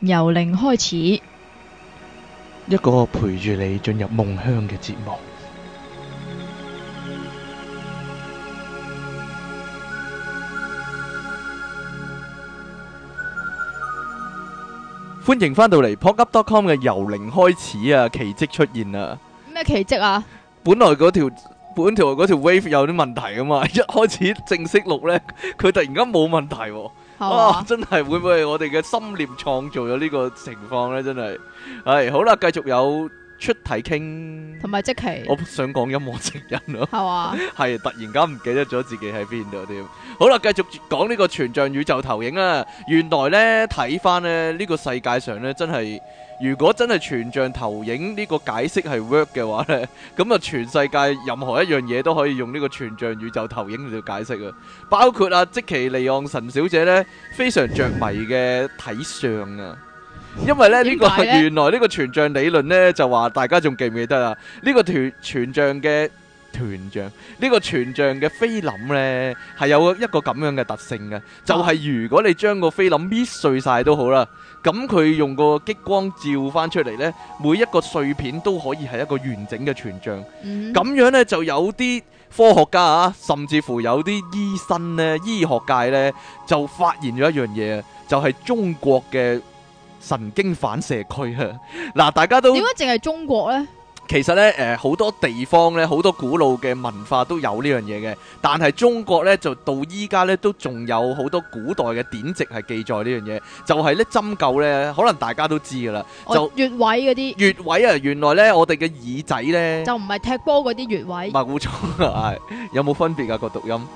由零開始，一個陪住你進入夢鄉嘅節目。歡迎返到嚟 pocket.com 嘅由零開始啊，奇蹟出現啦！咩奇蹟啊？本來嗰條本條嗰條 wave 有啲問題㗎嘛，一開始正式錄呢，佢突然間冇問題。哇！啊、 真係會唔會係我哋嘅心念創造咗呢個情況咧？真係，係好啦，繼續有。出題傾同埋即期，奇我想講《音樂情人 吧》咯，係嘛？係突然間唔記得咗自己喺邊度添。好啦，繼續講呢個全像宇宙投影啦。原來呢，睇翻咧呢，呢個世界上呢，真係，如果真係全像投影呢個解釋係 work 嘅話呢，咁啊全世界任何一樣嘢都可以用呢個全像宇宙投影嚟到解釋啊。包括阿即期利昂神小姐呢，非常着迷嘅睇相啊。因為咧，呢個原來呢個全像理論呢，就話，大家仲記唔記得啊？呢個全全像嘅全像，呢、這個全像嘅菲林呢，係有一個咁樣嘅特性嘅，啊、就係如果你將個菲林搣碎晒都好啦，咁佢用個激光照翻出嚟呢，每一個碎片都可以係一個完整嘅全像，咁、嗯、樣呢，就有啲科學家啊，甚至乎有啲醫生呢，醫學界呢，就發現咗一樣嘢，就係、是、中國嘅。神經反射區啊！嗱，大家都點解淨係中國呢？其實呢，誒、呃，好多地方呢，好多古老嘅文化都有呢樣嘢嘅。但係中國呢，就到依家呢，都仲有好多古代嘅典籍係記載呢樣嘢。就係呢針灸呢，可能大家都知㗎喇，哦、就穴位嗰啲穴位啊。原來呢，我哋嘅耳仔呢，就唔係踢波嗰啲穴位。麥古聰啊，有冇分別啊？個讀音？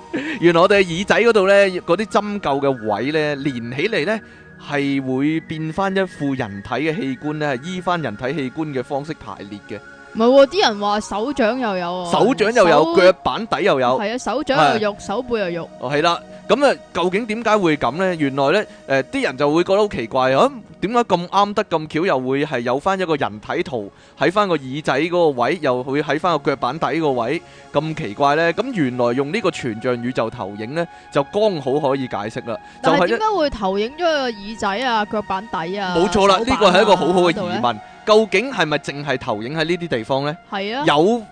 原來我哋耳仔嗰度呢，嗰啲針灸嘅位呢，連起嚟呢。係會變翻一副人體嘅器官咧，係依翻人體器官嘅方式排列嘅。唔係啊，啲人話手掌又有啊，有，手掌又有，腳板底又有。係啊，手掌又肉，啊，手背又肉。哦，係啦啊。咁啊，究竟點解會咁呢？原來呢，誒啲人就會覺得好奇怪啊！點解咁啱得咁巧，又會係有翻一個人體圖喺翻個耳仔嗰個位，又會喺翻個腳板底個位咁奇怪呢？咁原來用呢個全像宇宙投影呢，就剛好可以解釋啦。就係點解會投影咗個耳仔啊、腳板底啊？冇錯啦，呢個係一個好好嘅疑問。究竟係咪淨係投影喺呢啲地方呢？係啊，有。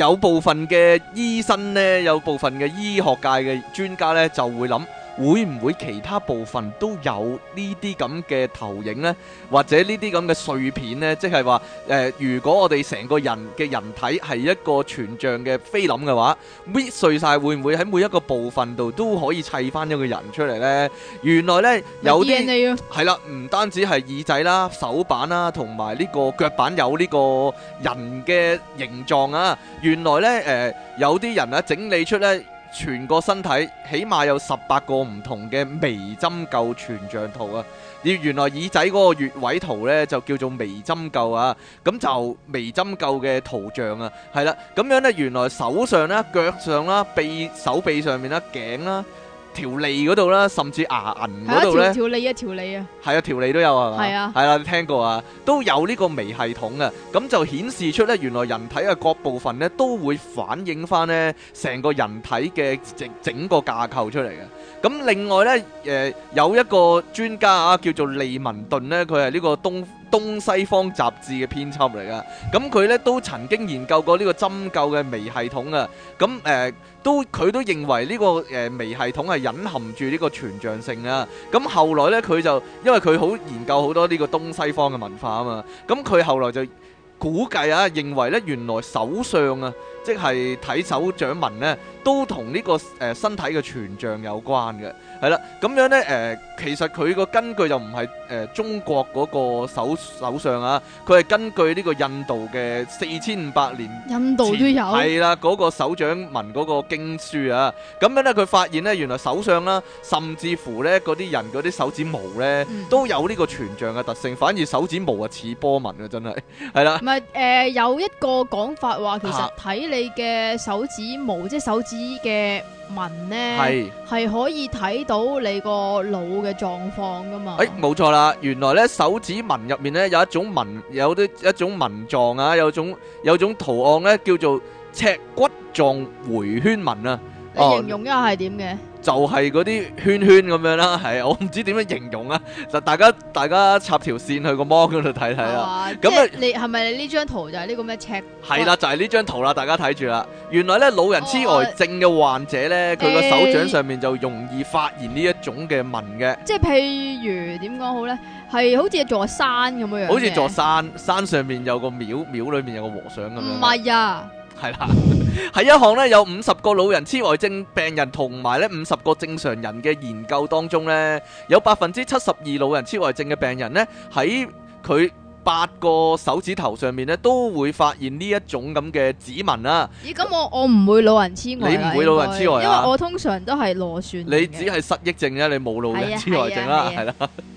有部分嘅醫生呢，有部分嘅醫學界嘅專家呢，就會諗。會唔會其他部分都有呢啲咁嘅投影呢？或者呢啲咁嘅碎片呢？即係話誒，如果我哋成個人嘅人體係一個全像嘅菲林嘅話，搣碎晒會唔會喺每一個部分度都可以砌翻一個人出嚟呢？原來呢，有啲係 啦，唔單止係耳仔啦、手板啦，同埋呢個腳板有呢個人嘅形狀啊！原來呢，誒、呃，有啲人咧、啊、整理出呢。全個身體起碼有十八個唔同嘅微針灸全像圖啊！而原來耳仔嗰個穴位圖呢，就叫做微針灸啊，咁就微針灸嘅圖像啊，係啦，咁樣呢，原來手上啦、腳上啦、臂手臂上面啦、頸啦。條脷嗰度啦，甚至牙齦嗰度咧，係啊，條脷啊，條脷啊，係啊，條脷都有係嘛，係啊，係啦，你聽過啊，都有呢個微系統啊，咁就顯示出咧，原來人體嘅各部分咧都會反映翻咧，成個人體嘅整整個架構出嚟嘅。咁另外咧，誒、呃、有一個專家啊，叫做利文頓咧，佢係呢個東東西方雜誌嘅編輯嚟噶。咁佢咧都曾經研究過呢個針灸嘅微系統啊。咁、嗯、誒、呃、都佢都認為呢個誒微系統係隱含住呢個全像性啊。咁、嗯、後來咧，佢就因為佢好研究好多呢個東西方嘅文化啊嘛。咁、嗯、佢後來就估計啊，認為咧原來手相啊～即係睇手掌紋咧，都同呢、這個誒、呃、身體嘅全像有關嘅，係啦。咁樣咧誒、呃、其實佢個根據就唔係誒中國嗰個手手相啊，佢係根據呢個印度嘅四千五百年。印度都有。係啦，嗰、那個手掌紋嗰個經書啊，咁樣咧佢發現咧，原來手相啦、啊，甚至乎咧嗰啲人嗰啲手指毛咧，嗯、哼 都有呢個全像嘅特性，反而手指毛啊似波紋啊，真係係啦。唔係誒有一個講法話其實睇。啊啊你嘅手指毛，即係手指嘅紋呢，係係可以睇到你個腦嘅狀況噶嘛？誒，冇錯啦，原來呢手指紋入面呢有一種紋，有啲一種紋狀啊，有種有種圖案呢叫做尺骨狀回圈紋啊。你形容一下係點嘅？就係嗰啲圈圈咁樣啦，係我唔知點樣形容啊，就大家大家插條線去個 mon 嗰度睇睇啊。咁啊那，你係咪呢張圖就係呢個咩？check 係啦，就係、是、呢張圖啦，大家睇住啦。原來咧，老人痴呆、呃、症嘅患者咧，佢個、啊、手掌上面就容易發現呢一種嘅紋嘅。即係譬如點講好咧？係好似座山咁樣樣。好似座山，山上面有個廟，廟裏面有個和尚咁樣。唔係啊。係啦，喺 一項咧，有五十個老人痴呆症病人同埋咧五十個正常人嘅研究當中咧，有百分之七十二老人痴呆症嘅病人咧喺佢八個手指頭上面咧都會發現呢一種咁嘅指紋啦、啊。咦？咁我我唔會老人痴呆，你唔會老人痴呆，因為我通常都係螺旋。你只係失憶症啫，你冇老人痴呆症啦，係啦、啊。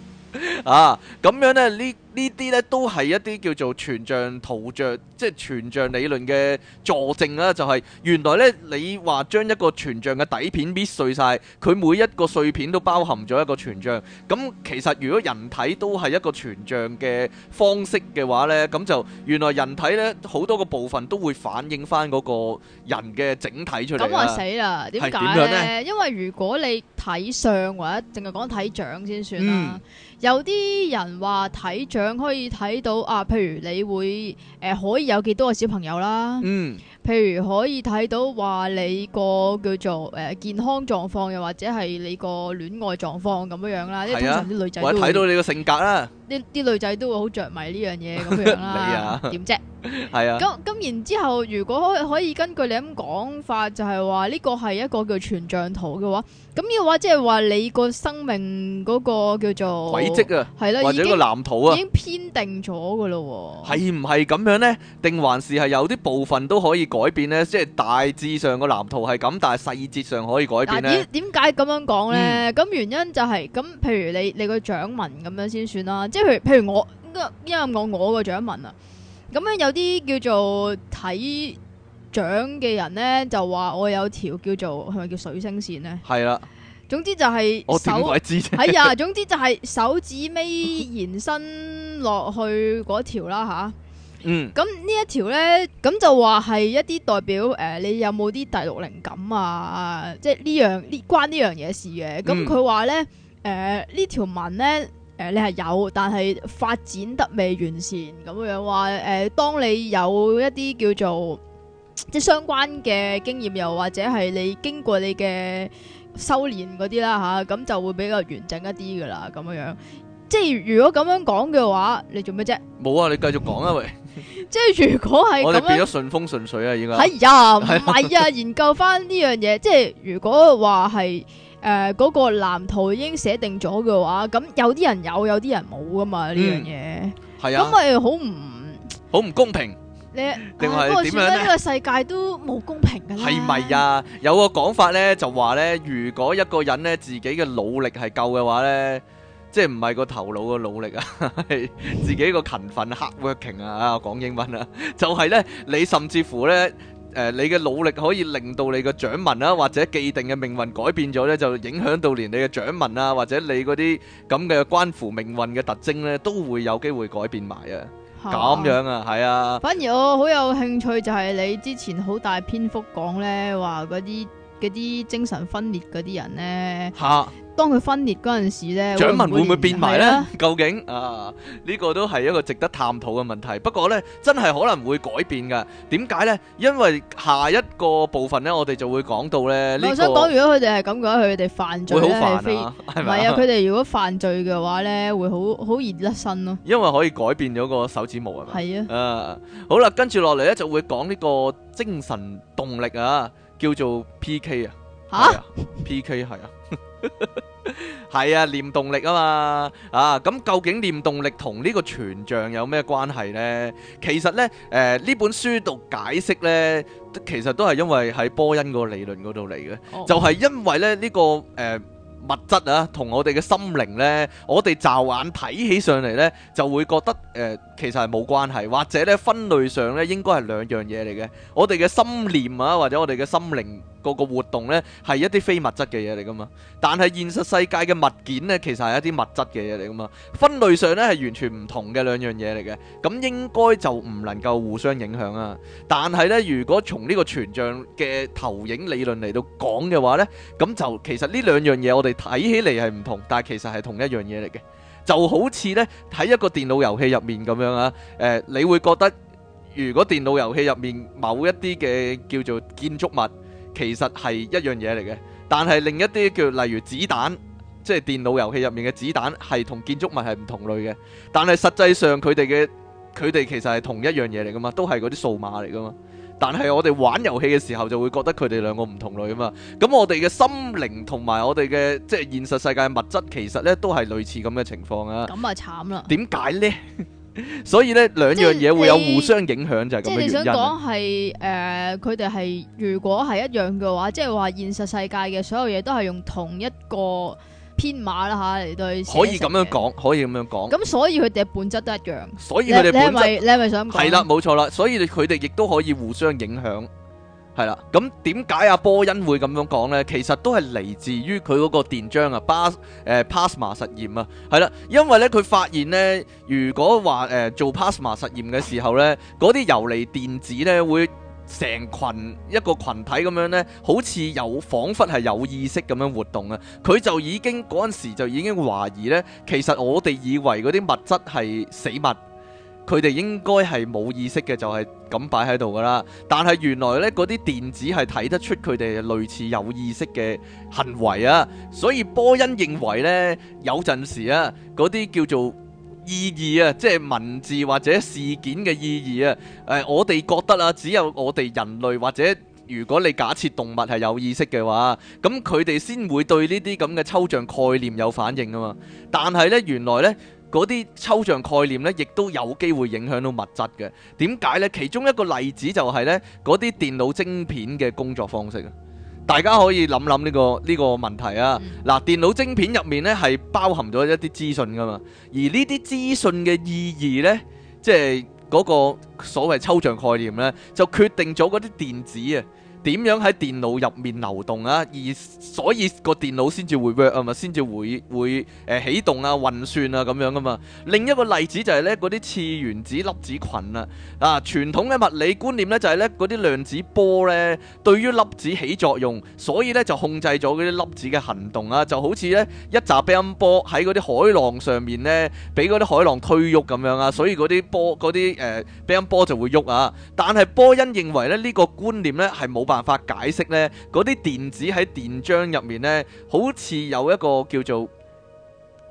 啊，咁樣咧，呢呢啲呢都係一啲叫做全像圖像，即係全像理論嘅助證啦。就係、是、原來呢，你話將一個全像嘅底片搣碎晒，佢每一個碎片都包含咗一個全像。咁其實如果人體都係一個全像嘅方式嘅話呢，咁就原來人體呢好多個部分都會反映翻嗰個人嘅整體出嚟啦。咁啊死啦！點解呢？呢因為如果你睇相或者淨係講睇掌先算啦。嗯有啲人話睇相可以睇到啊，譬如你會誒、呃、可以有幾多個小朋友啦，嗯，譬如可以睇到話你個叫做誒、呃、健康狀況，又或者係你個戀愛狀況咁樣樣啦。係啊，我睇到你個性格啦。呢啲女仔都會好着迷呢樣嘢咁樣啦。 你點、啊、啫？係是啊。咁咁然之後，如果可以根據你咁講法，就係話呢個係一個叫全像圖嘅話。咁要話，即係話你個生命嗰個叫做軌跡啊，係啦，或者個藍圖啊，已經編定咗噶咯。係唔係咁樣咧？定還是係有啲部分都可以改變咧？即係大致上個藍圖係咁，但係細節上可以改變咧？點解咁樣講咧？咁、嗯、原因就係、是、咁，譬如你你個掌紋，咁樣先算啦。即係譬如譬如我，因為我我個掌紋啊，咁樣有啲叫做睇。掌嘅人咧就話我有條叫做係咪叫水星線咧？係啦，總之就係我點係啊，總之就係手指尾延伸落去嗰條啦，吓嗯，咁呢一條咧咁就話係一啲代表誒、呃，你有冇啲第六靈感啊？即係呢樣、嗯呃、呢關呢樣嘢事嘅，咁佢話咧誒，呢條文咧誒，你係有，但係發展得未完善咁樣話誒，當你有一啲叫做。即相關嘅經驗，又或者係你經過你嘅修煉嗰啲啦，吓咁就會比較完整一啲噶啦，咁樣樣。即如果咁樣講嘅話，你做咩啫？冇啊，你繼續講啊，喂！即如果係我哋變咗順風順水啊，而家係啊，唔係啊，研究翻呢樣嘢。即如果話係誒嗰個藍圖已經寫定咗嘅話，咁有啲人有，有啲人冇噶嘛呢樣嘢。係啊，咁咪好唔好唔公平？你，嗰個算得呢個世界都冇公平嘅。係咪呀？有個講法咧，就話咧，如果一個人咧自己嘅努力係夠嘅話咧，即係唔係個頭腦嘅努力啊，係自己個勤奮、hard working 啊，啊，講英文啊，就係咧，你甚至乎咧，誒，你嘅努力可以令到你嘅掌紋啊，或者既定嘅命運改變咗咧，就影響到連你嘅掌紋啊，或者你嗰啲咁嘅關乎命運嘅特徵咧，都會有機會改變埋啊！咁樣啊，係啊，啊，反而我好有興趣，就係你之前好大篇幅講咧，話嗰啲嗰啲精神分裂嗰啲人咧。啊當佢分裂嗰陣時咧，掌紋會唔會變埋咧？究竟啊，呢個都係一個值得探討嘅問題。不過咧，真係可能會改變噶。點解咧？因為下一個部分咧，我哋就會講到咧呢個。我想講，如果佢哋係咁講，佢哋犯罪咧係非係咪啊？佢哋如果犯罪嘅話咧，會好好熱一身咯。因為可以改變咗個手指模係咪？係啊。誒，好啦，跟住落嚟咧，就會講呢個精神動力啊，叫做 PK 啊。吓？PK 係啊。係 啊，念動力啊嘛，啊咁、嗯、究竟念動力同呢個全像有咩關係呢？其實呢，誒、呃、呢本書度解釋呢，其實都係因為喺波恩個理論嗰度嚟嘅，oh, okay. 就係因為咧呢、這個誒。呃物質啊，同我哋嘅心靈咧，我哋驟眼睇起上嚟咧，就會覺得誒，其實係冇關係，或者咧分類上咧應該係兩樣嘢嚟嘅。我哋嘅心念啊，或者我哋嘅心靈嗰個活動咧，係一啲非物質嘅嘢嚟噶嘛。但係現實世界嘅物件咧，其實係一啲物質嘅嘢嚟噶嘛。分類上咧係完全唔同嘅兩樣嘢嚟嘅，咁應該就唔能夠互相影響啊。但係咧，如果從呢個全像嘅投影理論嚟到講嘅話咧，咁就其實呢兩樣嘢我哋睇起嚟係唔同，但係其實係同一樣嘢嚟嘅。就好似呢，喺一個電腦遊戲入面咁樣啊，誒、呃，你會覺得如果電腦遊戲入面某一啲嘅叫做建築物，其實係一樣嘢嚟嘅。但係另一啲叫例如子彈，即係電腦遊戲入面嘅子彈，係同建築物係唔同類嘅。但係實際上佢哋嘅佢哋其實係同一樣嘢嚟噶嘛，都係嗰啲數碼嚟噶嘛。但係我哋玩遊戲嘅時候就會覺得佢哋兩個唔同類啊嘛，咁我哋嘅心靈同埋我哋嘅即係現實世界物質其實咧都係類似咁嘅情況啊。咁啊慘啦！點解咧？所以咧兩樣嘢會有互相影響就係咁。即係你想講係誒佢哋係如果係一樣嘅話，即係話現實世界嘅所有嘢都係用同一個。天馬啦吓，你對，可以咁樣講，可以咁樣講。咁 所以佢哋嘅本質都一樣。所以佢哋本質，你係咪你係咪想講係啦？冇錯啦。所以佢哋亦都可以互相影響係啦。咁點解阿波恩會咁樣講咧？其實都係嚟自於佢嗰個電漿啊，巴誒 plasma 實驗啊，係啦。因為咧，佢發現咧，如果話誒、呃、做 plasma 實驗嘅時候咧，嗰啲游離電子咧會。成群一個群體咁樣呢，好似有彷彿係有意識咁樣活動啊！佢就已經嗰陣時就已經懷疑呢，其實我哋以為嗰啲物質係死物，佢哋應該係冇意識嘅，就係咁擺喺度噶啦。但係原來呢，嗰啲電子係睇得出佢哋類似有意識嘅行為啊！所以波恩認為呢，有陣時啊，嗰啲叫做意義啊，即係文字或者事件嘅意義啊。誒、呃，我哋覺得啊，只有我哋人類或者如果你假設動物係有意識嘅話，咁佢哋先會對呢啲咁嘅抽象概念有反應啊嘛。但係呢，原來呢，嗰啲抽象概念呢，亦都有機會影響到物質嘅。點解呢？其中一個例子就係呢，嗰啲電腦晶片嘅工作方式啊。大家可以諗諗呢個呢個問題啊！嗱，電腦晶片入面呢係包含咗一啲資訊噶嘛，而呢啲資訊嘅意義呢，即係嗰個所謂抽象概念呢，就決定咗嗰啲電子啊。點樣喺電腦入面流動啊？而所以個電腦先至會 work 啊嘛，先至會會誒啟、呃、動啊、運算啊咁樣噶嘛、啊。另一個例子就係咧啲次原子粒子群啊啊，傳、啊、統嘅物理觀念咧就係咧啲量子波咧對於粒子起作用，所以咧就控制咗啲粒子嘅行動啊。就好似咧一紮乒乓波喺嗰啲海浪上面咧，俾啲海浪推喐咁樣啊，所以啲波嗰啲誒乒乓波就會喐啊。但係波恩認為咧呢、這個觀念咧係冇辦。辦法解釋呢嗰啲電子喺電漿入面呢，好似有一個叫做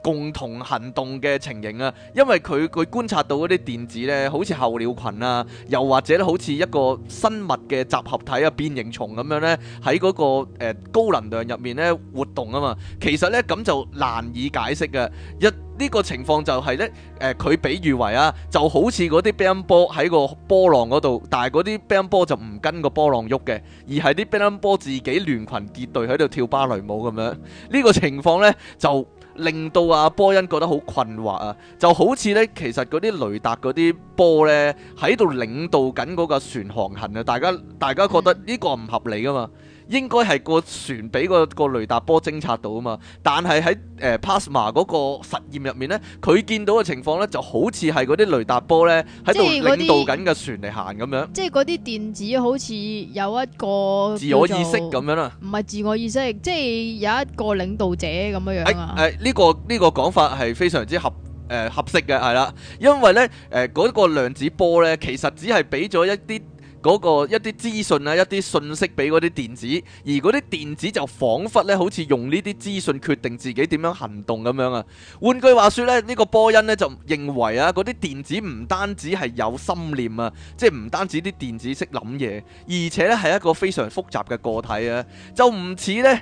共同行動嘅情形啊，因為佢佢觀察到嗰啲電子咧，好似候鳥群啊，又或者咧好似一個生物嘅集合體啊、變形蟲咁樣咧，喺嗰、嗰個、呃、高能量入面咧活動啊嘛。其實咧咁就難以解釋嘅。一呢、呢個情況就係咧誒，佢、呃、比喻為啊，就好似嗰啲波音波喺個波浪嗰度，但係嗰啲波音波就唔跟個波浪喐嘅，而係啲波音波自己聯群結隊喺度跳芭蕾舞咁樣。呢、呢個情況咧就，令到阿波恩覺得好困惑啊，就好似呢，其實嗰啲雷達嗰啲波呢，喺度領導緊嗰個船航行啊，大家大家覺得呢個唔合理㗎嘛。應該係個船俾個雷達波偵察到啊嘛，但係喺誒 Plasma 嗰個實驗入面咧，佢見到嘅情況咧就好似係嗰啲雷達波咧喺度領導緊嘅船嚟行咁樣。即係嗰啲電子好似有一個自我意識咁樣啦、啊，唔係自我意識，即係有一個領導者咁樣樣啊。呢、哎哎呢個呢、呢個講法係非常之合誒、呃、合適嘅係啦，因為咧誒嗰個量子波咧其實只係俾咗一啲。嗰個一啲資訊啊，一啲信息俾嗰啲電子，而嗰啲電子就仿佛咧，好似用呢啲資訊決定自己點樣行動咁樣啊。換句話說咧，呢、呢個波恩呢，就認為啊，嗰啲電子唔單止係有心念啊，即係唔單止啲電子識諗嘢，而且咧係一個非常複雜嘅個體啊，就唔似呢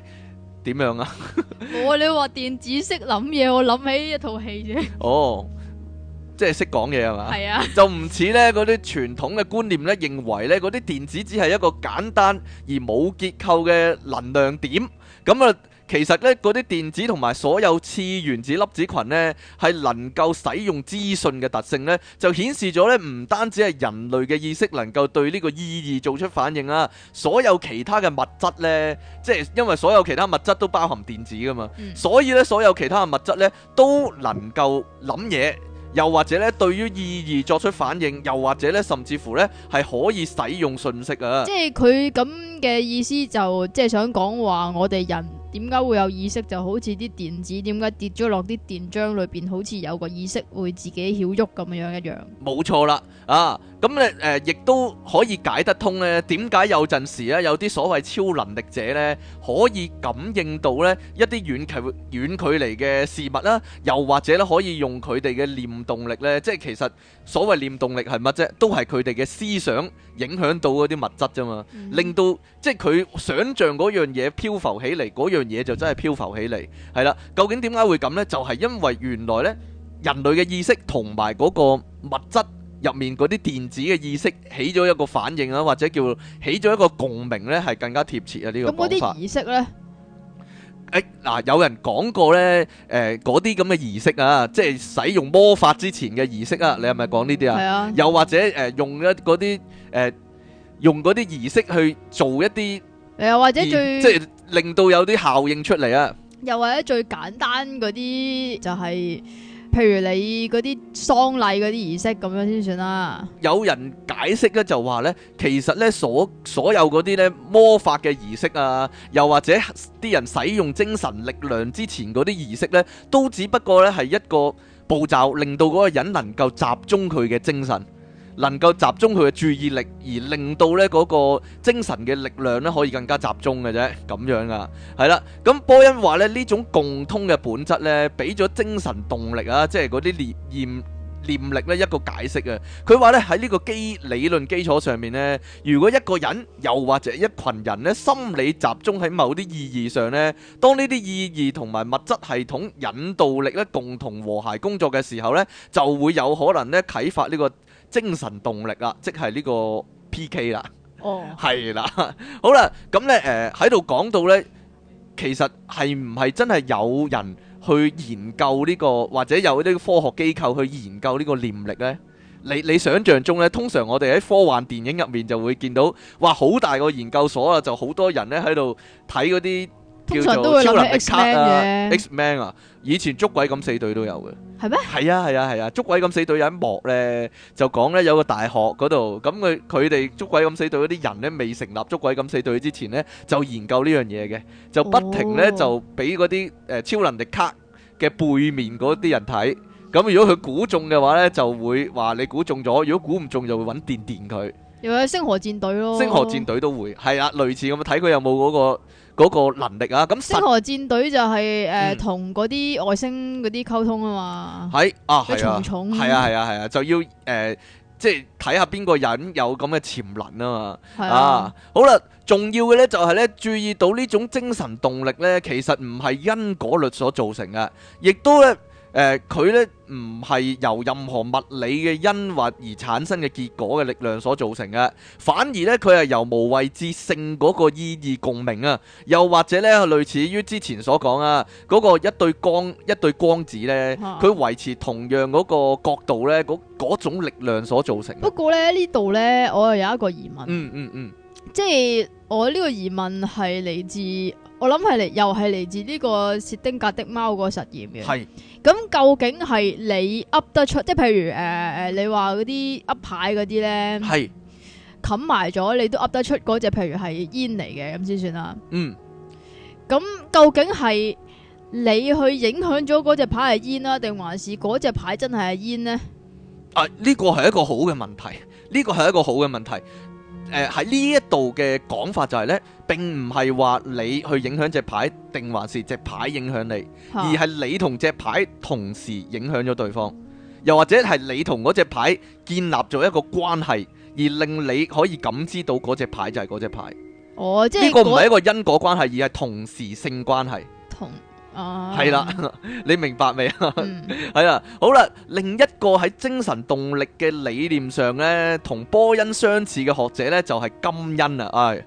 點樣啊？我、 哦、你話電子識諗嘢，我諗起一套戲啫。 哦。即係識講嘢係嘛？ 就唔似呢嗰啲傳統嘅觀念呢，認為呢嗰啲電子只係一個簡單而冇結構嘅能量點。咁、嗯、啊，其實呢，嗰啲電子同埋所有次原子粒子群呢，係能夠使用資訊嘅特性呢就顯示咗呢唔單止係人類嘅意識能夠對呢個意義做出反應啊！所有其他嘅物質呢，即係因為所有其他物質都包含電子噶嘛，嗯、所以呢，所有其他嘅物質呢，都能夠諗嘢。又或者咧，對於意義作出反應，又或者咧，甚至乎咧，係可以使用信息啊！即係佢咁嘅意思，就即係想講話我哋人點解會有意識，就好似啲電子點解跌咗落啲電漿裏邊，好似有個意識會自己曉喐咁樣一樣。冇錯啦，啊！咁咧誒，亦、呃、都可以解得通咧。點解有陣時咧，有啲所謂超能力者咧，可以感應到咧一啲遠距遠距離嘅事物啦，又或者咧可以用佢哋嘅念動力咧，即係其實所謂念動力係乜啫？都係佢哋嘅思想影響到嗰啲物質啫嘛，mm hmm. 令到即係佢想像嗰樣嘢漂浮起嚟，嗰樣嘢就真係漂浮起嚟。係啦，究竟點解會咁咧？就係、係、因為原來咧人類嘅意識同埋嗰個物質。入面嗰啲電子嘅意識起咗一個反應啦、啊，或者叫起咗一個共鳴呢係更加貼切啊！呢個咁嗰啲儀式呢，嗱、欸，有人講過呢誒嗰啲咁嘅儀式啊，即係使、使用魔法之前嘅儀式啊，你係咪講呢啲啊？嗯、啊又或者誒、呃、用一嗰啲誒用啲儀式去做一啲誒，或者最即係令到有啲效應出嚟啊！又或者最簡單嗰啲就係、是。譬如你嗰啲喪禮嗰啲儀式咁樣先算啦。有人解釋呢，就話呢其實呢，所所有嗰啲呢魔法嘅儀式啊，又或者啲人使用精神力量之前嗰啲儀式呢，都只不過呢係一個步驟，令到嗰個人能夠集中佢嘅精神。能夠集中佢嘅注意力，而令到咧嗰個精神嘅力量咧可以更加集中嘅啫，咁樣啊，係啦。咁波恩話咧呢種共通嘅本質咧，俾咗精神動力啊，即係嗰啲念念念力咧一個解釋啊。佢話咧喺呢個基理論基礎上面咧，如果一個人又或者一羣人咧心理集中喺某啲意義上咧，當呢啲意義同埋物質系統引導力咧共同和諧工作嘅時候咧，就會有可能咧啟發呢個。精神動力啦，即係呢個 PK 啦，哦，係啦，好啦，咁呢誒喺度講到呢，其實係唔係真係有人去研究呢個，或者有啲科學機構去研究呢個念力呢？你你想像中呢，通常我哋喺科幻電影入面就會見到，哇，好大個研究所啊，就好多人呢喺度睇嗰啲。叫做超能力 X Man 嘅 X Man 啊，以前捉鬼敢死隊都有嘅，係咩？係啊係啊係啊，捉鬼敢死隊有一幕咧，就講咧有個大學嗰度，咁佢佢哋捉鬼敢死隊嗰啲人咧，未成立捉鬼敢死隊之前咧，就研究呢樣嘢嘅，就不停咧就俾嗰啲誒超能力卡嘅背面嗰啲人睇，咁如果佢估中嘅話咧，就會話你估中咗，如果估唔中就會揾電電佢。又去星河戰隊咯，星河戰隊都會係啊，類似咁啊，睇佢有冇嗰個。嗰個能力啊，咁星河戰隊就係誒同嗰啲外星嗰啲溝通啊嘛，係啊，係重重啊，係啊，係啊，啊，啊，啊，就要誒、呃、即係睇下邊個人有咁嘅潛能啊嘛，係啊，啊，好啦，重要嘅咧就係、係、咧注意到呢種精神動力咧，其實唔係因果律所造成嘅，亦都咧。誒佢咧唔係由任何物理嘅因或而產生嘅結果嘅力量所造成嘅，反而咧佢係由無為之性嗰個意義共鳴啊，又或者咧類似於之前所講啊，嗰個一對光一對光子咧，佢、啊啊、維持同樣嗰個角度咧，嗰種力量所造成。不過咧呢度咧，我又有一個疑問。嗯嗯嗯。嗯嗯。即係我呢個疑問係嚟自，我諗係嚟又係嚟自呢個薛丁格的貓個實驗嘅。係咁是，究竟係你噏得出？即係譬如誒誒、呃，你話嗰啲噏牌嗰啲咧，係冚埋咗，你都噏得出嗰隻，譬如係煙嚟嘅，咁先算啦。嗯，咁究竟係你去影響咗嗰隻牌係煙啦，定還是嗰隻牌真係煙呢？啊，呢個係一個好嘅問題，呢個係一個好嘅問題。誒喺呢一度嘅講法就係呢，並唔係話你去影響隻牌，定還是隻牌影響你，而係你同隻牌同時影響咗對方，又或者係你同嗰隻牌建立咗一個關係，而令你可以感知到嗰隻牌就係嗰隻牌。哦，即係呢個唔係一個因果關係，同而係同時性關係。同。係啦，你明白未啊？係啦，好啦，另一個喺精神動力嘅理念上呢，同波恩相似嘅學者呢，就係金恩啊，唉，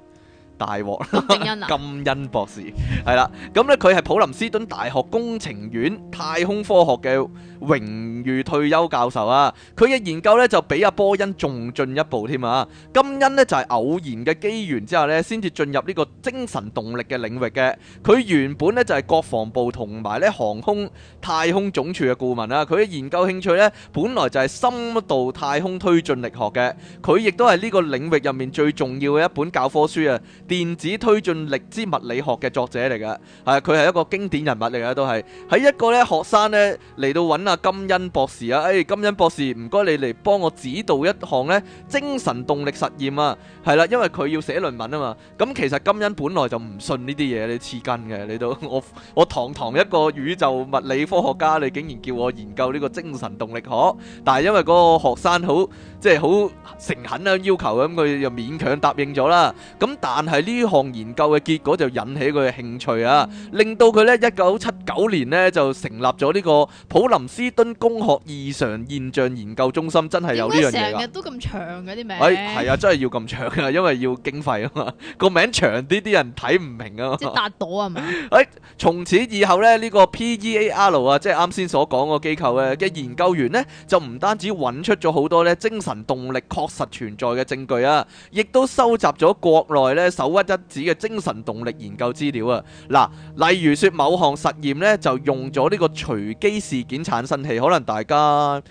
大鑊金恩博士，係啦，咁呢，佢係普林斯頓大學工程院太空科學嘅。榮譽退休教授啊，佢嘅研究咧就比阿波恩仲進一步添啊。金恩咧就係偶然嘅機緣之下咧，先至進入呢個精神動力嘅領域嘅。佢原本咧就係國防部同埋咧航空太空總署嘅顧問啊，佢嘅研究興趣咧，本來就係深度太空推進力學嘅。佢亦都係呢個領域入面最重要嘅一本教科書啊，《電子推進力之物理學》嘅作者嚟嘅。係啊，佢係一個經典人物嚟嘅，都係，喺一個咧學生咧嚟到搵啊。金恩博士啊，誒、哎，金恩博士，唔該你嚟幫我指導一項咧精神動力實驗啊，係啦，因為佢要寫論文啊嘛。咁其實金恩本來就唔信呢啲嘢，你黐筋嘅，你都我我堂堂一個宇宙物理科學家，你竟然叫我研究呢個精神動力學？但係因為個學生好即係好誠懇啊，就是、要求咁佢又勉強答應咗啦。咁但係呢項研究嘅結果就引起佢嘅興趣啊，令到佢咧一九七九年咧就成立咗呢個普林斯。伊敦工學異常現象研究中心，真係有呢樣嘢，成日都咁長嘅啲名。哎，係啊，真係要咁長嘅，因為要經費啊嘛。個名長啲，啲人睇唔明啊。即係達到啊，嘛？哎，從此以後呢，呢個 PEAR 啊，即係啱先所講個機構咧，嘅研究員呢，就唔單止揾出咗好多咧精神動力確實存在嘅證據啊，亦都收集咗國內咧首屈一指嘅精神動力研究資料啊。嗱，例如說某項實驗呢，就用咗呢個隨機事件產生。生可能大家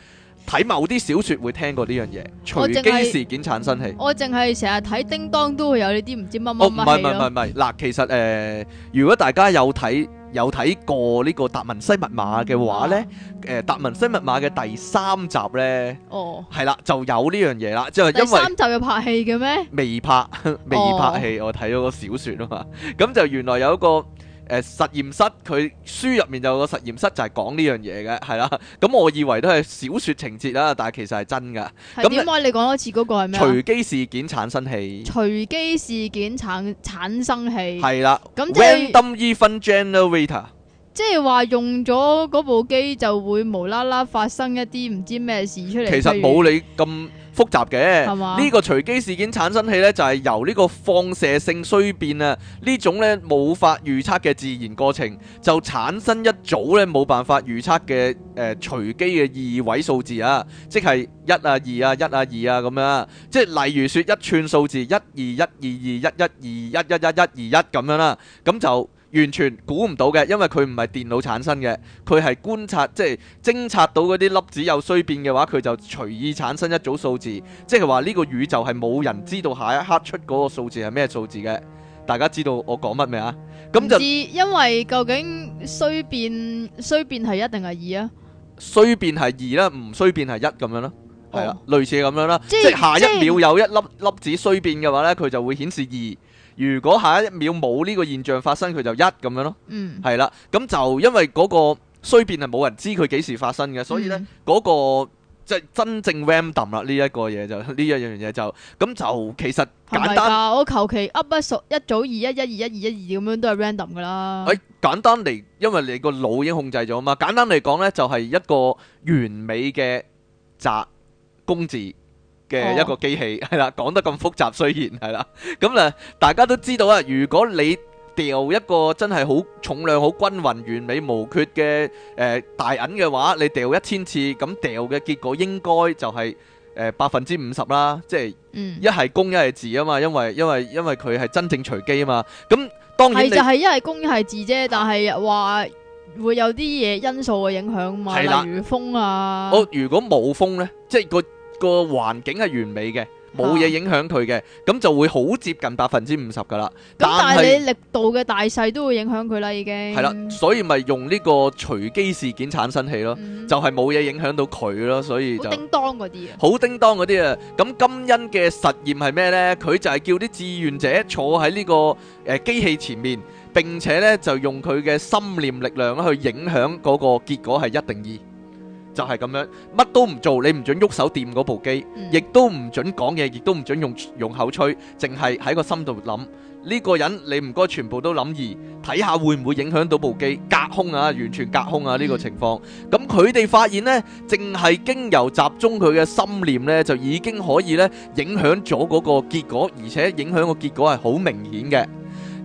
睇某啲小說會聽過呢樣嘢，隨機事件產生氣。我淨係成日睇叮當都會有呢啲唔知乜乜乜，唔係唔係唔係，嗱、oh， 其實誒、呃，如果大家有睇有睇過呢個達文西密碼嘅話咧，誒、嗯，達、呃、文西密碼嘅第三集咧，哦，係啦，就有呢樣嘢啦，即、就、係、是、因為第三集有拍戲嘅咩？ 未拍未拍戲，哦、我睇咗個小說啊嘛，咁 就原來有一個。誒實驗室佢書入面有個實驗室就係講呢樣嘢嘅，係啦。咁我以為都係小説情節啦，但係其實係真嘅。咁點解你講多次嗰個係咩？隨機事件產生器。隨機事件產產生器。係啦。咁即係。即係話用咗嗰部機就會無啦啦發生一啲唔知咩事出嚟。其實冇你咁複雜嘅，呢吧個隨機事件產生器呢，就係由呢個放射性衰變啊呢種呢，冇法預測嘅自然過程就產生一組呢冇辦法預測嘅誒隨機嘅二位數字啊，啊，啊，啊，即係一啊二啊一啊二啊咁樣，即係例如說一串數字一二一二二一一二一一一一二一咁樣啦，咁就。 完全估唔到嘅，因為佢唔係電腦產生嘅，佢係觀察即係偵察到嗰啲粒子有衰變嘅話，佢就隨意產生一組數字，即係話呢個宇宙係冇人知道下一刻出嗰個數字係咩數字嘅。大家知道我講乜未啊？咁就因為究竟衰變衰變係一定係二啊？衰變係二啦，唔衰變係一咁樣咯，係啊，類似咁樣啦，即係下一秒有一粒粒子衰變嘅話咧，佢就會顯示二。如果下一秒冇呢個現象發生，佢就一咁樣咯，係啦、嗯。咁就因為嗰個衰變係冇人知佢幾時發生嘅，所以呢，嗰、嗯、個即係真正 random 啦。呢、這、一個嘢就呢一樣嘢就咁就其實簡單。我求其 up 一數二一組二一一二一二一二咁樣都係 random 噶啦。誒、哎，簡單嚟，因為你個腦已經控制咗啊嘛。簡單嚟講呢，就係一個完美嘅擲公字。嘅一個機器，係啦，講得咁複雜，雖然係啦，咁咧大家都知道啊。如果你掉一個真係好重量、好均勻、完美無缺嘅誒大銀嘅話，你掉一千次，咁掉嘅結果應該就係誒百分之五十啦，即係一係公一係字啊嘛，因為因為因為佢係真正隨機啊嘛。咁當然係就係一係公一係字啫，但係話會有啲嘢因素嘅影響啊嘛，如風啊。哦，如果冇風咧，即係個個環境係完美嘅，冇嘢影響佢嘅，咁就會好接近百分之五十噶啦。咁但係你力度嘅大細都會影響佢啦，已經係啦，所以咪用呢個隨機事件產生器咯，就係冇嘢影響到佢咯，所以好叮噹嗰啲啊，好叮噹嗰啲啊。咁金恩嘅實驗係咩呢？佢就係叫啲志願者坐喺呢個誒機器前面，並且呢就用佢嘅心念力量去影響嗰個結果係一定二。就係咁樣，乜都唔做，你唔准喐手掂嗰部機，亦都唔准講嘢，亦都唔准用用口吹，淨係喺個心度諗呢個人，你唔該全部都諗而，睇下會唔會影響到部機，隔空啊，完全隔空啊，呢個情況，咁佢哋發現呢，淨係經由集中佢嘅心念呢，就已經可以呢影響咗嗰個結果，而且影響個結果係好明顯嘅。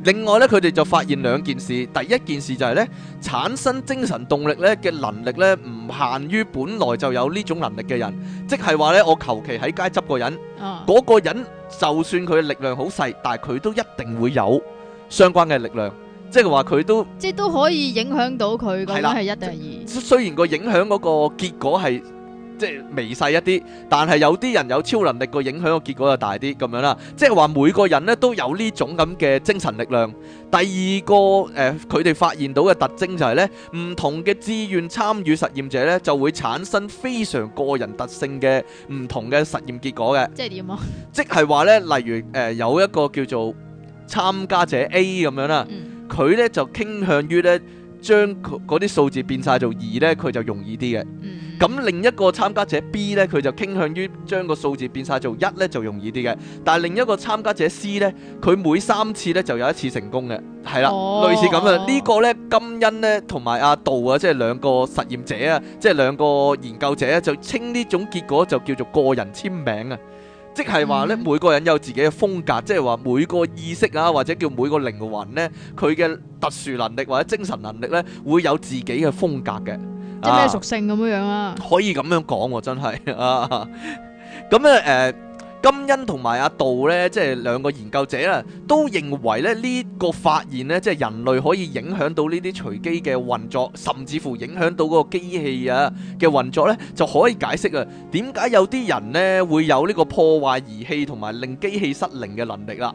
另外咧，佢哋就發現兩件事。第一件事就係咧，產生精神動力咧嘅能力咧，唔限於本來就有呢種能力嘅人，即係話咧，我求其喺街執個人，嗰、啊、個人就算佢嘅力量好細，但係佢都一定會有相關嘅力量，即係話佢都即係都可以影響到佢，咁樣係一定二。雖然個影響嗰個結果係。即係微細一啲，但係有啲人有超能力個影響個結果就大啲咁樣啦。即係話每個人咧都有呢種咁嘅精神力量。第二個誒，佢哋發現到嘅特徵就係咧，唔同嘅志願參與實驗者咧就會產生非常個人特性嘅唔同嘅實驗結果嘅。即係點啊？即係話咧，例如誒有一個叫做參加者 A 咁樣啦，佢咧就傾向於咧。將嗰啲數字變晒做二呢佢就容易啲嘅。咁、嗯、另一個參加者 B 呢佢就傾向於將個數字變晒做一呢就容易啲嘅。但係另一個參加者 C 呢佢每三次呢就有一次成功嘅，係啦，哦、類似咁啊。呢、呢個呢，金恩呢，同埋阿杜啊，即係兩個實驗者啊，即係兩個研究者啊，就稱呢種結果就叫做個人簽名啊。即係話咧，每個人有自己嘅風格，即係話每個意識啊，或者叫每個靈魂咧，佢嘅特殊能力或者精神能力咧，會有自己嘅風格嘅。即係咩屬性咁樣樣啊？可以咁樣講，真係啊！咁咧誒。Uh, 金恩同埋阿杜咧，即係兩個研究者啦，都認為咧，呢個發現咧，即係人類可以影響到呢啲隨機嘅運作，甚至乎影響到個機器啊嘅運作咧，就可以解釋啊點解有啲人咧會有呢個破壞儀器同埋令機器失靈嘅能力啊。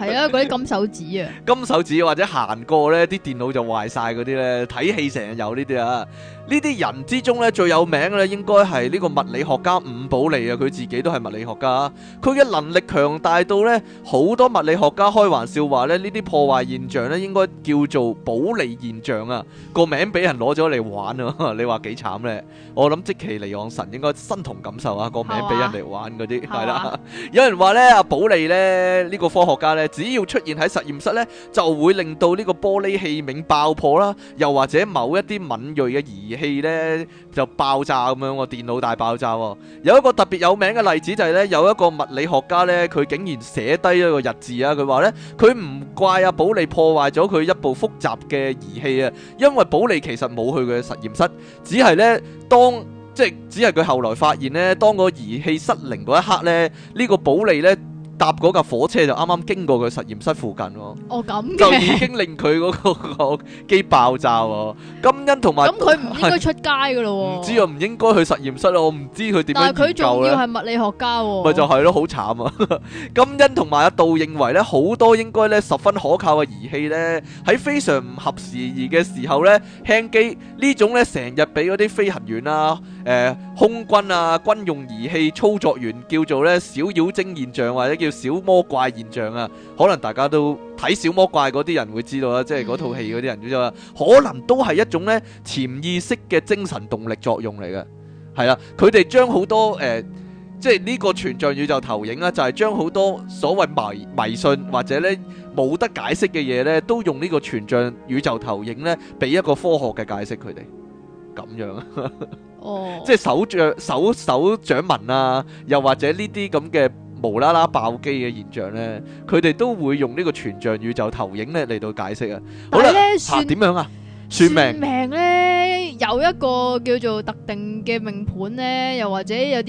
係啊，啲金手指啊，金手指或者行過咧，啲電腦就壞晒啲咧。睇戲成日有呢啲啊，呢啲人之中咧，最有名咧，應該係呢個物理學家伍寶利啊。佢自己都係物理學家啊，佢嘅能力強大到咧，好多物理學家開玩笑話咧，呢啲破壞現象咧，應該叫做寶利現象啊。個名俾人攞咗嚟玩啊， 你話幾慘咧？我諗即其嚟昂神應該身同感受啊。個名俾人嚟玩啲係啦。 有人話咧，阿寶利咧，呢個科學家咧，只要出現喺實驗室呢，就會令到呢個玻璃器皿爆破啦，又或者某一啲敏銳嘅儀器呢，就爆炸咁樣，電腦大爆炸。有一個特別有名嘅例子就係、是、呢：有一個物理學家呢，佢竟然寫低一個日誌啊！佢話呢，佢唔怪阿保利破壞咗佢一部複雜嘅儀器啊，因為保利其實冇去佢實驗室，只係呢，當即係只係佢後來發現呢，當個儀器失靈嗰一刻呢，呢、這個保利呢。搭嗰架火車就啱啱經過佢實驗室附近喎，哦、就已經令佢嗰、個 機爆炸喎。金恩同埋咁佢唔應該出街噶咯，唔知啊，唔應該去實驗室啊，我唔知佢點樣研究佢仲要係物理學家喎、啊，咪就係、係、咯，好慘啊！ 金恩同埋阿道認為咧，好多應該咧十分可靠嘅儀器咧，喺非常唔合時宜嘅時候咧，輕機呢種咧成日俾嗰啲飛行員啦、啊。誒、呃，空軍啊，軍用儀器操作員叫做咧小妖精現象或者叫小魔怪現象啊，可能大家都睇小魔怪嗰啲人會知道啦，即係嗰套戲嗰啲人就話，可能都係一種咧潛意識嘅精神動力作用嚟嘅，係啦、啊，佢哋將好多誒、呃，即係呢個全像宇宙投影啦、啊，就係將好多所謂迷迷信或者咧冇得解釋嘅嘢咧，都用呢個全像宇宙投影咧，俾一個科學嘅解釋，佢哋咁樣啊。 即係手掌、手手掌紋啊，又或者呢啲咁嘅無啦啦爆機嘅現象咧，佢哋都會用呢個全像宇宙投影咧嚟到解釋啊。但係好啦算點樣啊？算命算命咧有一個叫做特定嘅命盤咧，又或者有啲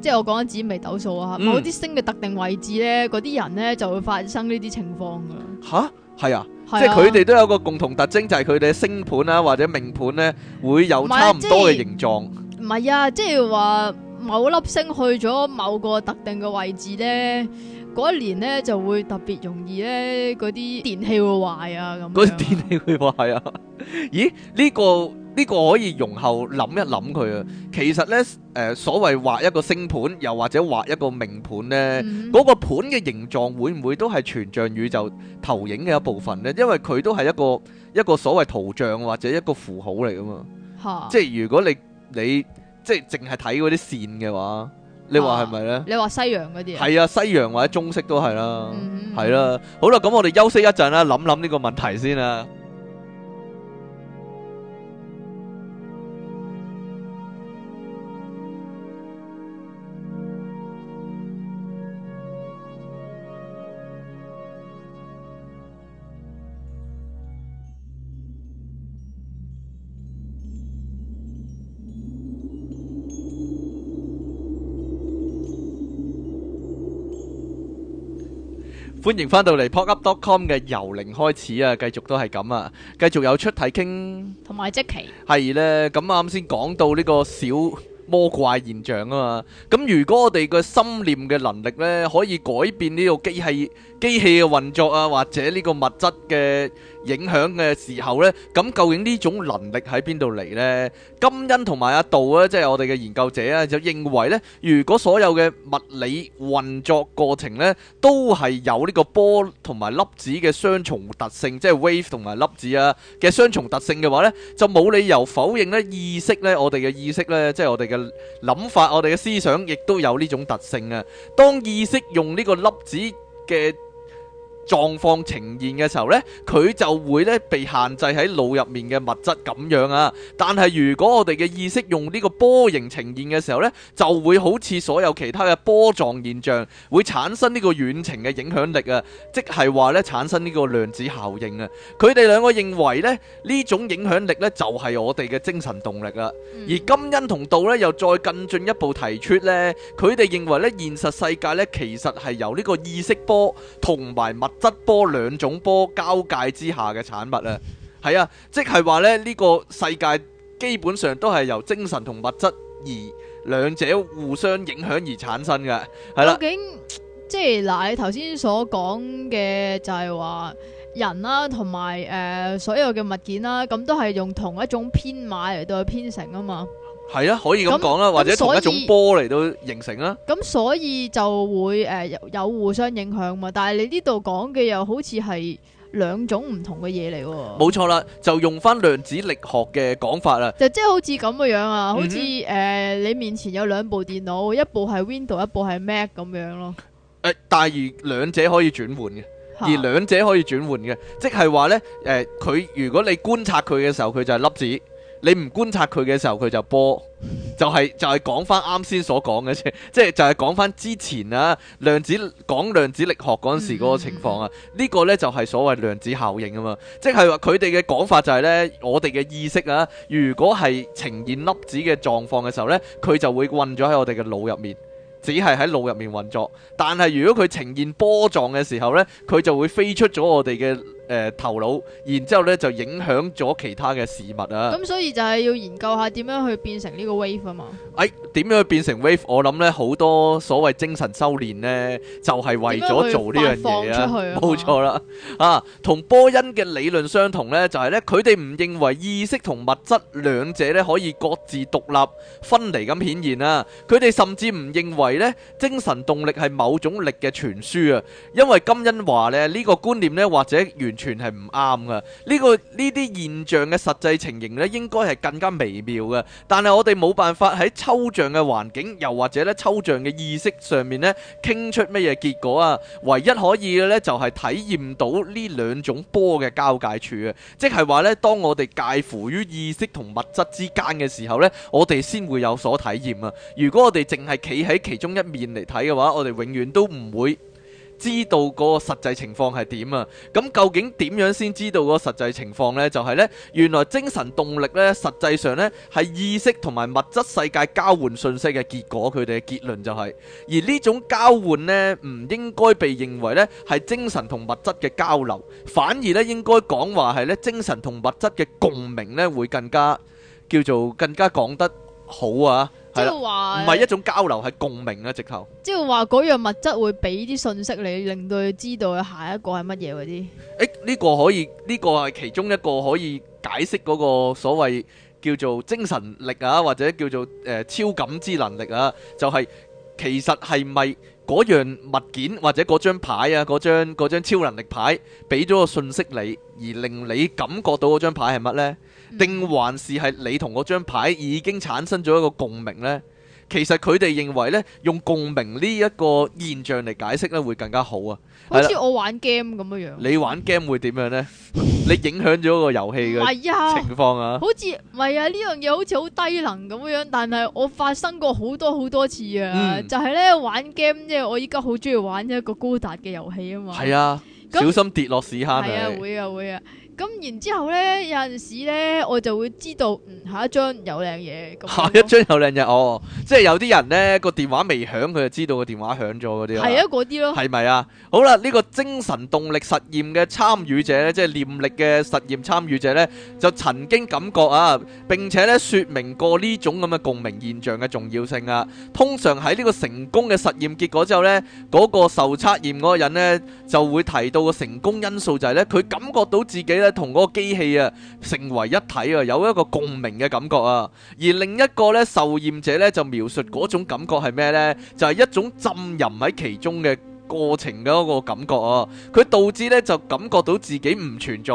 即係我講緊紫微斗數啊，嗯、某啲星嘅特定位置咧，嗰啲人咧就會發生呢啲情況噶。吓係啊！即係佢哋都有個共同特徵，就係佢哋星盤啊，或者命盤咧會有差唔多嘅形狀。唔係啊，即係話某粒星去咗某個特定嘅位置咧，嗰一年咧就會特別容易咧，嗰啲電器會壞啊咁。嗰啲電器會壞啊？咦，呢個？呢個可以容後諗一諗佢啊！其實呢，誒、呃、所謂畫一個星盤，又或者畫一個命盤呢，嗰、嗯、個盤嘅形狀會唔會都係全像宇宙投影嘅一部分呢？因為佢都係一個一個所謂圖像或者一個符號嚟噶嘛。哈即係如果你你即係淨係睇嗰啲線嘅話，你話係咪呢？啊、你話西洋嗰啲啊？係啊，西洋或者中式都係啦，係啦。好啦，咁我哋休息一陣啦，諗諗呢個問題先啦。歡迎翻到嚟 PodUp.com 嘅由零開始啊，繼續都係咁啊，繼續有出體傾，同埋即琪，係咧。咁啱先講到呢個小魔怪現象啊嘛，咁如果我哋嘅心念嘅能力咧，可以改變呢個機器機器嘅運作啊，或者呢個物質嘅影響嘅時候呢，咁究竟呢種能力喺邊度嚟呢？金恩同埋阿道啊，即係我哋嘅研究者啊，就認為呢，如果所有嘅物理運作過程呢，都係有呢個波同埋粒子嘅雙重特性，即係 wave 同埋粒子啊嘅雙重特性嘅話呢，就冇理由否認呢，意識呢，我哋嘅意識呢，即係我哋嘅諗法、我哋嘅思想，亦都有呢種特性啊。當意識用呢個粒子嘅。狀況呈現嘅時候呢，佢就會呢被限制喺腦入面嘅物質咁樣啊。但係如果我哋嘅意識用呢個波形呈現嘅時候呢，就會好似所有其他嘅波狀現象，會產生呢個遠程嘅影響力啊。即係話呢，產生呢個量子效應啊。佢哋兩個認為呢，呢種影響力呢，就係我哋嘅精神動力啦。嗯、而金恩同道呢又再更進一步提出呢，佢哋認為呢，現實世界呢，其實係由呢個意識波同埋物。質波兩種波交界之下嘅產物咧，係 啊，即係話咧呢個世界基本上都係由精神同物質而兩者互相影響而產生嘅，係、啊、啦。究竟即係嗱，你頭先所講嘅就係話人啦、啊，同埋誒所有嘅物件啦、啊，咁都係用同一種編碼嚟到去編成啊嘛。係啦，可以咁講啦，或者同一種波嚟到形成啦。咁所，所以就會誒有互相影響嘛。但係你呢度講嘅又好似係兩種唔同嘅嘢嚟。冇錯啦，就用翻量子力學嘅講法啦。就即係好似咁嘅樣啊，嗯、哼好似誒、呃、你面前有兩部電腦，一部係 Window，一部係 Mac 咁樣咯。誒、呃，但係而兩者可以轉換嘅，哈而兩者可以轉換嘅，即係話呢，誒、呃、佢如果你觀察佢嘅時候，佢就係粒子。你唔觀察佢嘅時候，佢就波，就係就係講翻啱先所講嘅啫，即係就係講翻之前啊，量子講量子力學嗰陣時嗰個情況啊，呢個呢，就係所謂量子效應啊嘛，即係話佢哋嘅講法就係呢：我哋嘅意識啊，如果係呈現粒子嘅狀況嘅時候呢，佢就會混咗喺我哋嘅腦入面，只係喺腦入面運作，但係如果佢呈現波狀嘅時候呢，佢就會飛出咗我哋嘅。誒，頭腦，然之後咧就影響咗其他嘅事物啊！咁所以就係要研究下點樣去變成呢個 wave 啊嘛！誒，點樣去變成 wave？我諗咧好多所謂精神修煉咧，就係為咗做呢樣嘢啊！冇錯啦，啊，同波恩嘅理論相同咧，就係咧佢哋唔認為意識同物質兩者咧可以各自獨立分離咁顯現啊！佢哋甚至唔認為咧精神動力係某種力嘅傳輸啊！因為金恩話咧呢個觀念咧或者原完全係唔啱噶，呢個呢啲現象嘅實際情形呢，應該係更加微妙嘅。但係我哋冇辦法喺抽象嘅環境，又或者咧抽象嘅意識上面呢，傾出乜嘢結果啊？唯一可以嘅呢，就係體驗到呢兩種波嘅交界處啊！即係話呢，當我哋介乎於意識同物質之間嘅時候呢，我哋先會有所體驗啊！如果我哋淨係企喺其中一面嚟睇嘅話，我哋永遠都唔會。知道個實際情況係點啊？咁究竟點樣先知道個實際情況咧？就係咧，原來精神動力咧，實際上咧係意識同埋物質世界交換信息嘅結果。佢哋嘅結論就係，而呢種交換咧唔應該被認為咧係精神同物質嘅交流，反而咧應該講話，係咧精神同物質嘅共鳴咧會更加叫做更加講得好啊！即係話唔係一種交流，係共鳴啊！直頭，即係話嗰樣物質會俾啲信息你，令到佢知道下一個係乜嘢嗰啲。誒，呢個可以，呢個係其中一個可以解釋嗰個所謂叫做精神力啊，或者叫做誒超感知能力啊，就係其實係咪嗰樣物件或者嗰張牌啊，嗰張嗰張超能力牌俾咗個信息你，而令你感覺到嗰張牌係乜呢？定還是係你同嗰張牌已經產生咗一個共鳴呢？其實佢哋認為呢，用共鳴呢一個現象嚟解釋呢，會更加好啊！好似我玩 game 咁樣， 你玩 game 會點樣呢？ 你影響咗個遊戲嘅情況啊？好似，唔係啊，呢樣嘢好似、啊、好低能咁樣，但係我發生過好多好多次啊！嗯、就係呢玩 game，即係我依家好中意玩一個《高達》嘅遊戲啊嘛！係啊，那小心跌落屎坑！係啊，會啊！會啊。咁然之後咧，有陣時咧，我就會知道，嗯，下一張有靚嘢。下一張有靚嘢，哦，即係有啲人咧個電話未響佢就知道個電話響咗啲、啊、咯，係啊，啲咯。係咪啊？好啦，呢、這個精神動力實驗嘅參與者咧，嗯、即係念力嘅實驗參與者咧，就曾經感覺啊，並且咧說明過呢種咁嘅共鳴現象嘅重要性啊。通常喺呢個成功嘅實驗結果之後咧，嗰個受測驗個人咧就會提到個成功因素就係咧，佢感覺到自己咧。同嗰個機器啊成為一體啊，有一個共鳴嘅感覺啊。而另一個咧受驗者咧就描述嗰種感覺係咩呢？就係一種浸淫喺其中嘅過程嘅嗰個感覺啊，佢導致呢就感覺到自己唔存在，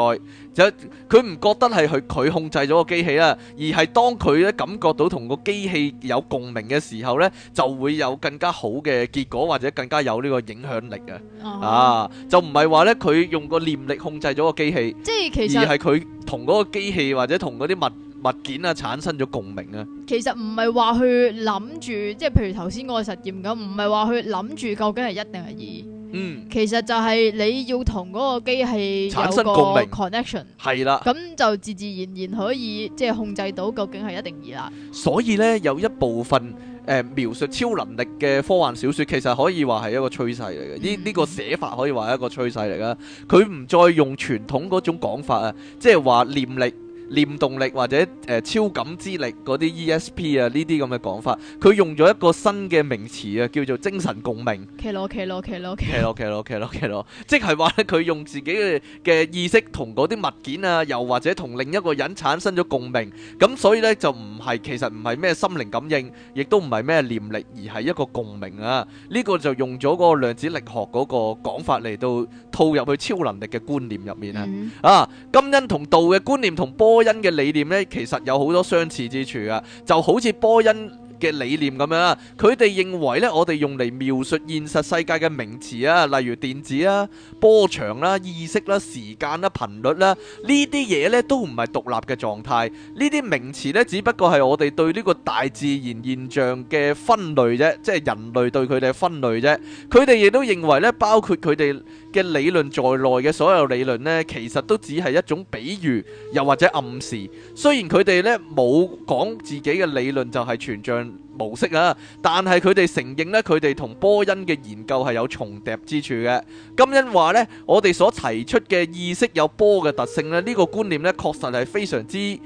就佢唔覺得係去佢控制咗個機器啦，而係當佢咧感覺到同個機器有共鳴嘅時候呢，就會有更加好嘅結果或者更加有呢個影響力啊！啊，就唔係話呢，佢用個念力控制咗個機器，即係其實，而係佢同嗰個機器或者同嗰啲物。物件啊，產生咗共鳴啊！其實唔係話去諗住，即係譬如頭先嗰個實驗咁，唔係話去諗住究竟係一定係二。嗯，其實就係你要同嗰個機器有個 connection，產生共鳴 connection。係啦，咁就自自然然可以即係控制到究竟係一定二啦。所以呢，有一部分誒、呃、描述超能力嘅科幻小説，其實可以話係一個趨勢嚟嘅。呢呢、嗯呢個寫法可以話係一個趨勢嚟嘅。佢唔再用傳統嗰種講法啊，即係話念力。念動力或者誒超感知力嗰啲 ESP 啊，呢啲咁嘅講法，佢用咗一個新嘅名詞啊，叫做精神共鳴。Kilo，Kilo，Kilo，Kilo，Kilo，Kilo，Kilo，Kilo，即係話咧，佢用自己嘅嘅意識同嗰啲物件啊，又或者同另一個人產生咗共鳴，咁所以呢就唔係其實唔係咩心靈感應，亦都唔係咩念力，而係一個共鳴啊！呢個就用咗嗰個量子力學嗰個講法嚟到套入去超能力嘅觀念入面啊！啊，金恩同道嘅觀念同波。波恩嘅理念呢，其實有好多相似之處啊！就好似波恩嘅理念咁樣，佢哋認為呢，我哋用嚟描述現實世界嘅名詞啊，例如電子啊、波長啦、意識啦、時間啦、頻率啦，呢啲嘢呢都唔係獨立嘅狀態。呢啲名詞呢，只不過係我哋對呢個大自然現象嘅分類啫，即係人類對佢哋嘅分類啫。佢哋亦都認為呢，包括佢哋。嘅理論在內嘅所有理論呢，其實都只係一種比喻，又或者暗示。雖然佢哋呢冇講自己嘅理論就係全像模式啊，但係佢哋承認呢，佢哋同波恩嘅研究係有重疊之處嘅。金恩話呢，我哋所提出嘅意識有波嘅特性呢，呢個觀念呢確實係非常之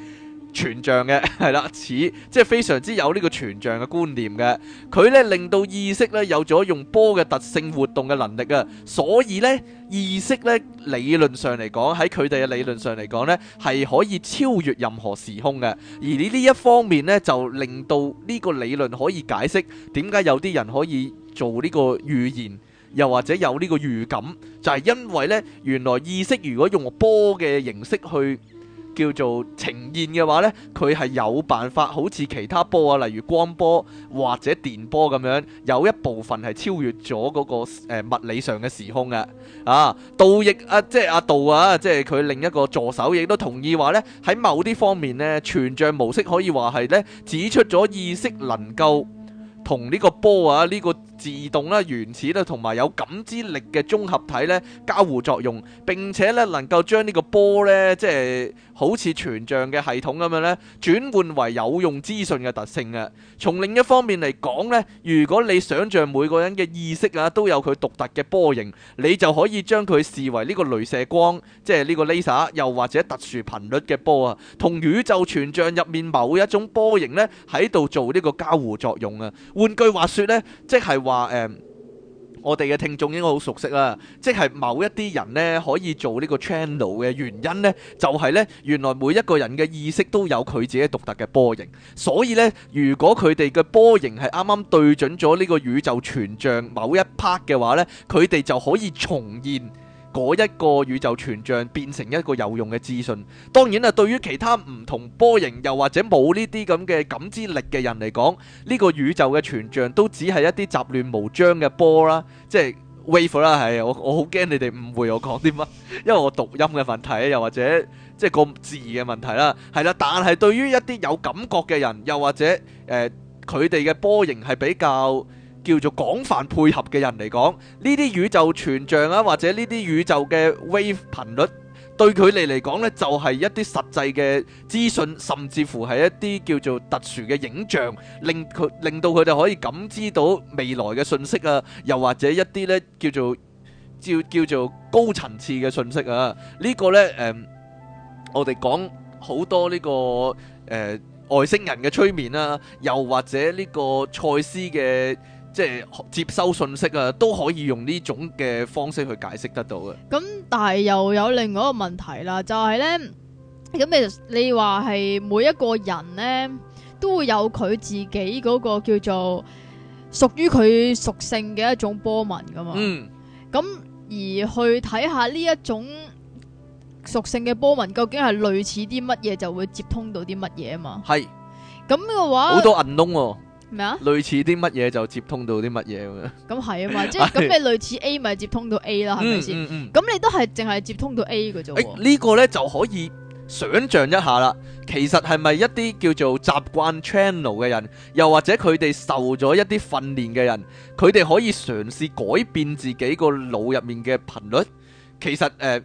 全像嘅，係啦，似即係非常之有呢個全像嘅觀念嘅，佢呢令到意識呢有咗用波嘅特性活動嘅能力啊，所以呢意識呢，理論上嚟講，喺佢哋嘅理論上嚟講呢係可以超越任何時空嘅，而呢呢一方面呢，就令到呢個理論可以解釋點解有啲人可以做呢個預言，又或者有呢個預感，就係因為呢，原來意識如果用波嘅形式去。叫做呈現嘅話呢，佢係有辦法，好似其他波啊，例如光波或者電波咁樣，有一部分係超越咗嗰、那個、呃、物理上嘅時空嘅。啊，道亦啊，即係阿道啊，即係佢另一個助手，亦都同意話呢，喺某啲方面呢，全像模式可以話係呢，指出咗意識能夠同呢個波啊呢、呢個。自動啦、原始啦，同埋有感知力嘅綜合體呢，交互作用，並且呢，能夠將呢個波呢，即係好似全像嘅系統咁樣呢，轉換為有用資訊嘅特性嘅。從另一方面嚟講呢，如果你想像每個人嘅意識啊都有佢獨特嘅波形，你就可以將佢視為呢個雷射光，即係呢個 laser，又或者特殊頻率嘅波啊，同宇宙全像入面某一種波形呢，喺度做呢個交互作用啊。換句話說呢，即係話。話、um, 我哋嘅聽眾應該好熟悉啦，即係某一啲人呢可以做呢個 channel 嘅原因呢，就係、是、呢原來每一個人嘅意識都有佢自己獨特嘅波形，所以呢，如果佢哋嘅波形係啱啱對準咗呢個宇宙全像某一 part 嘅話呢，佢哋就可以重現。嗰一個宇宙全像變成一個有用嘅資訊，當然啦，對於其他唔同波形又或者冇呢啲咁嘅感知力嘅人嚟講，呢、這個宇宙嘅全像都只係一啲雜亂無章嘅波啦，即係 wave 啦。係，我我好驚你哋誤會我講啲乜，因為我讀音嘅問題，又或者即係個字嘅問題啦。係啦，但係對於一啲有感覺嘅人，又或者誒佢哋嘅波形係比較。叫做廣泛配合嘅人嚟講，呢啲宇宙全像啊，或者呢啲宇宙嘅 wave 頻率，對佢哋嚟講呢，就係、是、一啲實際嘅資訊，甚至乎係一啲叫做特殊嘅影像，令佢令到佢哋可以感知到未來嘅信息啊，又或者一啲呢叫做叫叫做高層次嘅信息啊。呢、這個呢，誒、嗯，我哋講好多呢、這個誒、呃、外星人嘅催眠啦、啊，又或者呢個賽斯嘅。即係接收信息啊，都可以用呢種嘅方式去解釋得到嘅。咁但係又有另外一個問題啦，就係咧，咁你你話係每一個人咧，都會有佢自己嗰個叫做屬於佢屬性嘅一種波紋噶嘛。嗯。咁而去睇下呢一種屬性嘅波紋究竟係類似啲乜嘢，就會接通到啲乜嘢啊嘛。係。咁嘅話，好多銀窿喎。咩類似啲乜嘢，就接通到啲乜嘢咁樣？咁係啊嘛，即係咁你類似 A 咪接通到 A 啦，係咪先？咁你都係淨係接通到 A 嗰種。呢個呢就可以想象一下啦。其實係咪一啲叫做習慣 channel 嘅人，又或者佢哋受咗一啲訓練嘅人，佢哋可以嘗試改變自己個腦入面嘅頻率。其實誒、呃，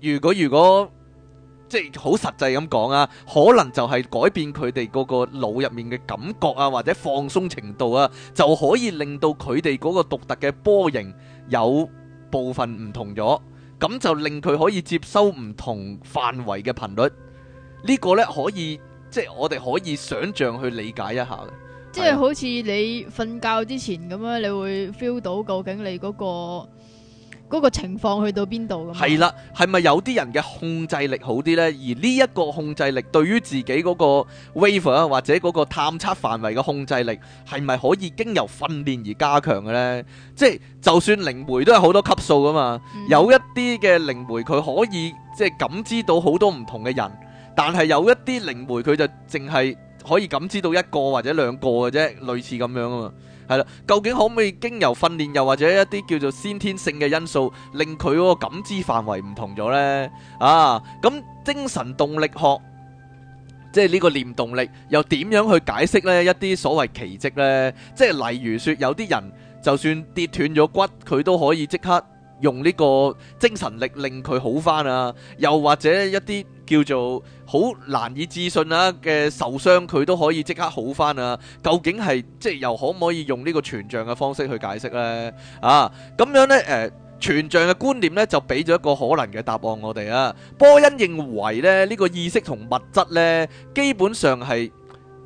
如果如果。即係好實際咁講啊，可能就係改變佢哋嗰個腦入面嘅感覺啊，或者放鬆程度啊，就可以令到佢哋嗰個獨特嘅波形有部分唔同咗，咁就令佢可以接收唔同範圍嘅頻率。呢個呢，可以，即係我哋可以想像去理解一下嘅。即係好似你瞓覺之前咁啊，你會 feel 到究竟你嗰個。嗰個情況去到邊度咁？係啦，係 咪、啊、有啲人嘅控制力好啲呢？而呢一個控制力對於自己嗰個 wave 啊，或者嗰個探測範圍嘅控制力，係咪可以經由訓練而加強嘅呢？即、就、係、是、就算靈媒都係好多級數噶嘛，嗯、有一啲嘅靈媒佢可以即係感知到好多唔同嘅人，但係有一啲靈媒佢就淨係可以感知到一個或者兩個嘅啫，類似咁樣啊嘛。究竟可唔可以經由訓練，又或者一啲叫做先天性嘅因素，令佢嗰個感知範圍唔同咗呢？啊，咁精神動力學，即係呢個念動力，又點樣去解釋呢一啲所謂奇蹟呢？即係例如說，有啲人就算跌斷咗骨，佢都可以即刻用呢個精神力令佢好返啊，又或者一啲。叫做好難以置信啊嘅受傷佢都可以即刻好返啊，究竟係即係又可唔可以用呢個全像嘅方式去解釋呢？啊，咁樣呢誒、呃、全像嘅觀念呢，就俾咗一個可能嘅答案我哋啊。波恩認為咧，呢、呢個意識同物質呢，基本上係。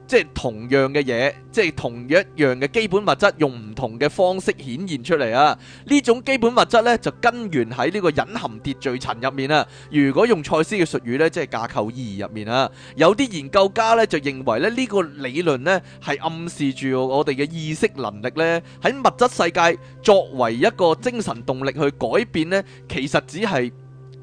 即係同樣嘅嘢，即係同一樣嘅基本物質，用唔同嘅方式顯現出嚟啊！呢種基本物質呢，就根源喺呢個隱含秩序層入面啊！如果用賽斯嘅術語呢，即係架構二入面啊，有啲研究家呢，就認為呢，呢個理論呢，係暗示住我哋嘅意識能力呢，喺物質世界作為一個精神動力去改變呢，其實只係。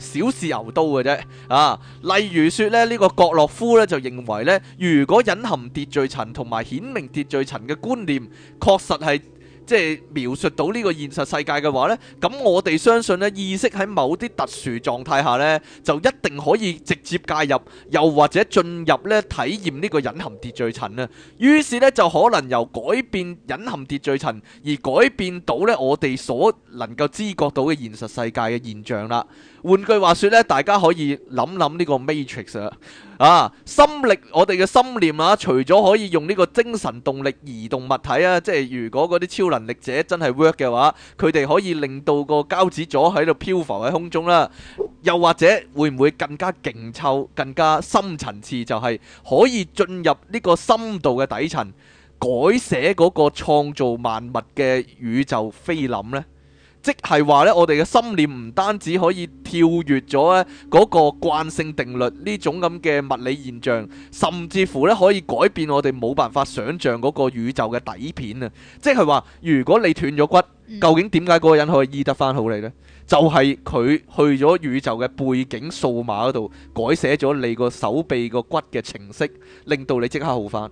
小事牛刀嘅啫，啊，例如說咧，呢個格洛夫咧就認為咧，如果隱含秩序層同埋顯明秩序層嘅觀念，確實係。即係描述到呢個現實世界嘅話呢，咁我哋相信呢，意識喺某啲特殊狀態下呢就一定可以直接介入，又或者進入呢體驗呢個隱含秩序層呢，於是呢，就可能由改變隱含秩序層而改變到呢我哋所能夠知覺到嘅現實世界嘅現象啦。換句話說呢，大家可以諗諗呢個 Matrix 啊。啊！心力我哋嘅心念啊，除咗可以用呢個精神動力移動物體啊，即係如果嗰啲超能力者真係 work 嘅話，佢哋可以令到個膠紙咗喺度漂浮喺空中啦、啊。又或者會唔會更加勁湊，更加深層次，就係可以進入呢個深度嘅底層，改寫嗰個創造萬物嘅宇宙菲林咧？即係話呢，我哋嘅心念唔單止可以跳躍咗咧嗰個慣性定律呢種咁嘅物理現象，甚至乎呢可以改變我哋冇辦法想像嗰個宇宙嘅底片啊！即係話，如果你斷咗骨，究竟點解嗰個人可以醫得翻好你呢？就係、是、佢去咗宇宙嘅背景數碼嗰度改寫咗你個手臂個骨嘅程式，令到你即刻好翻。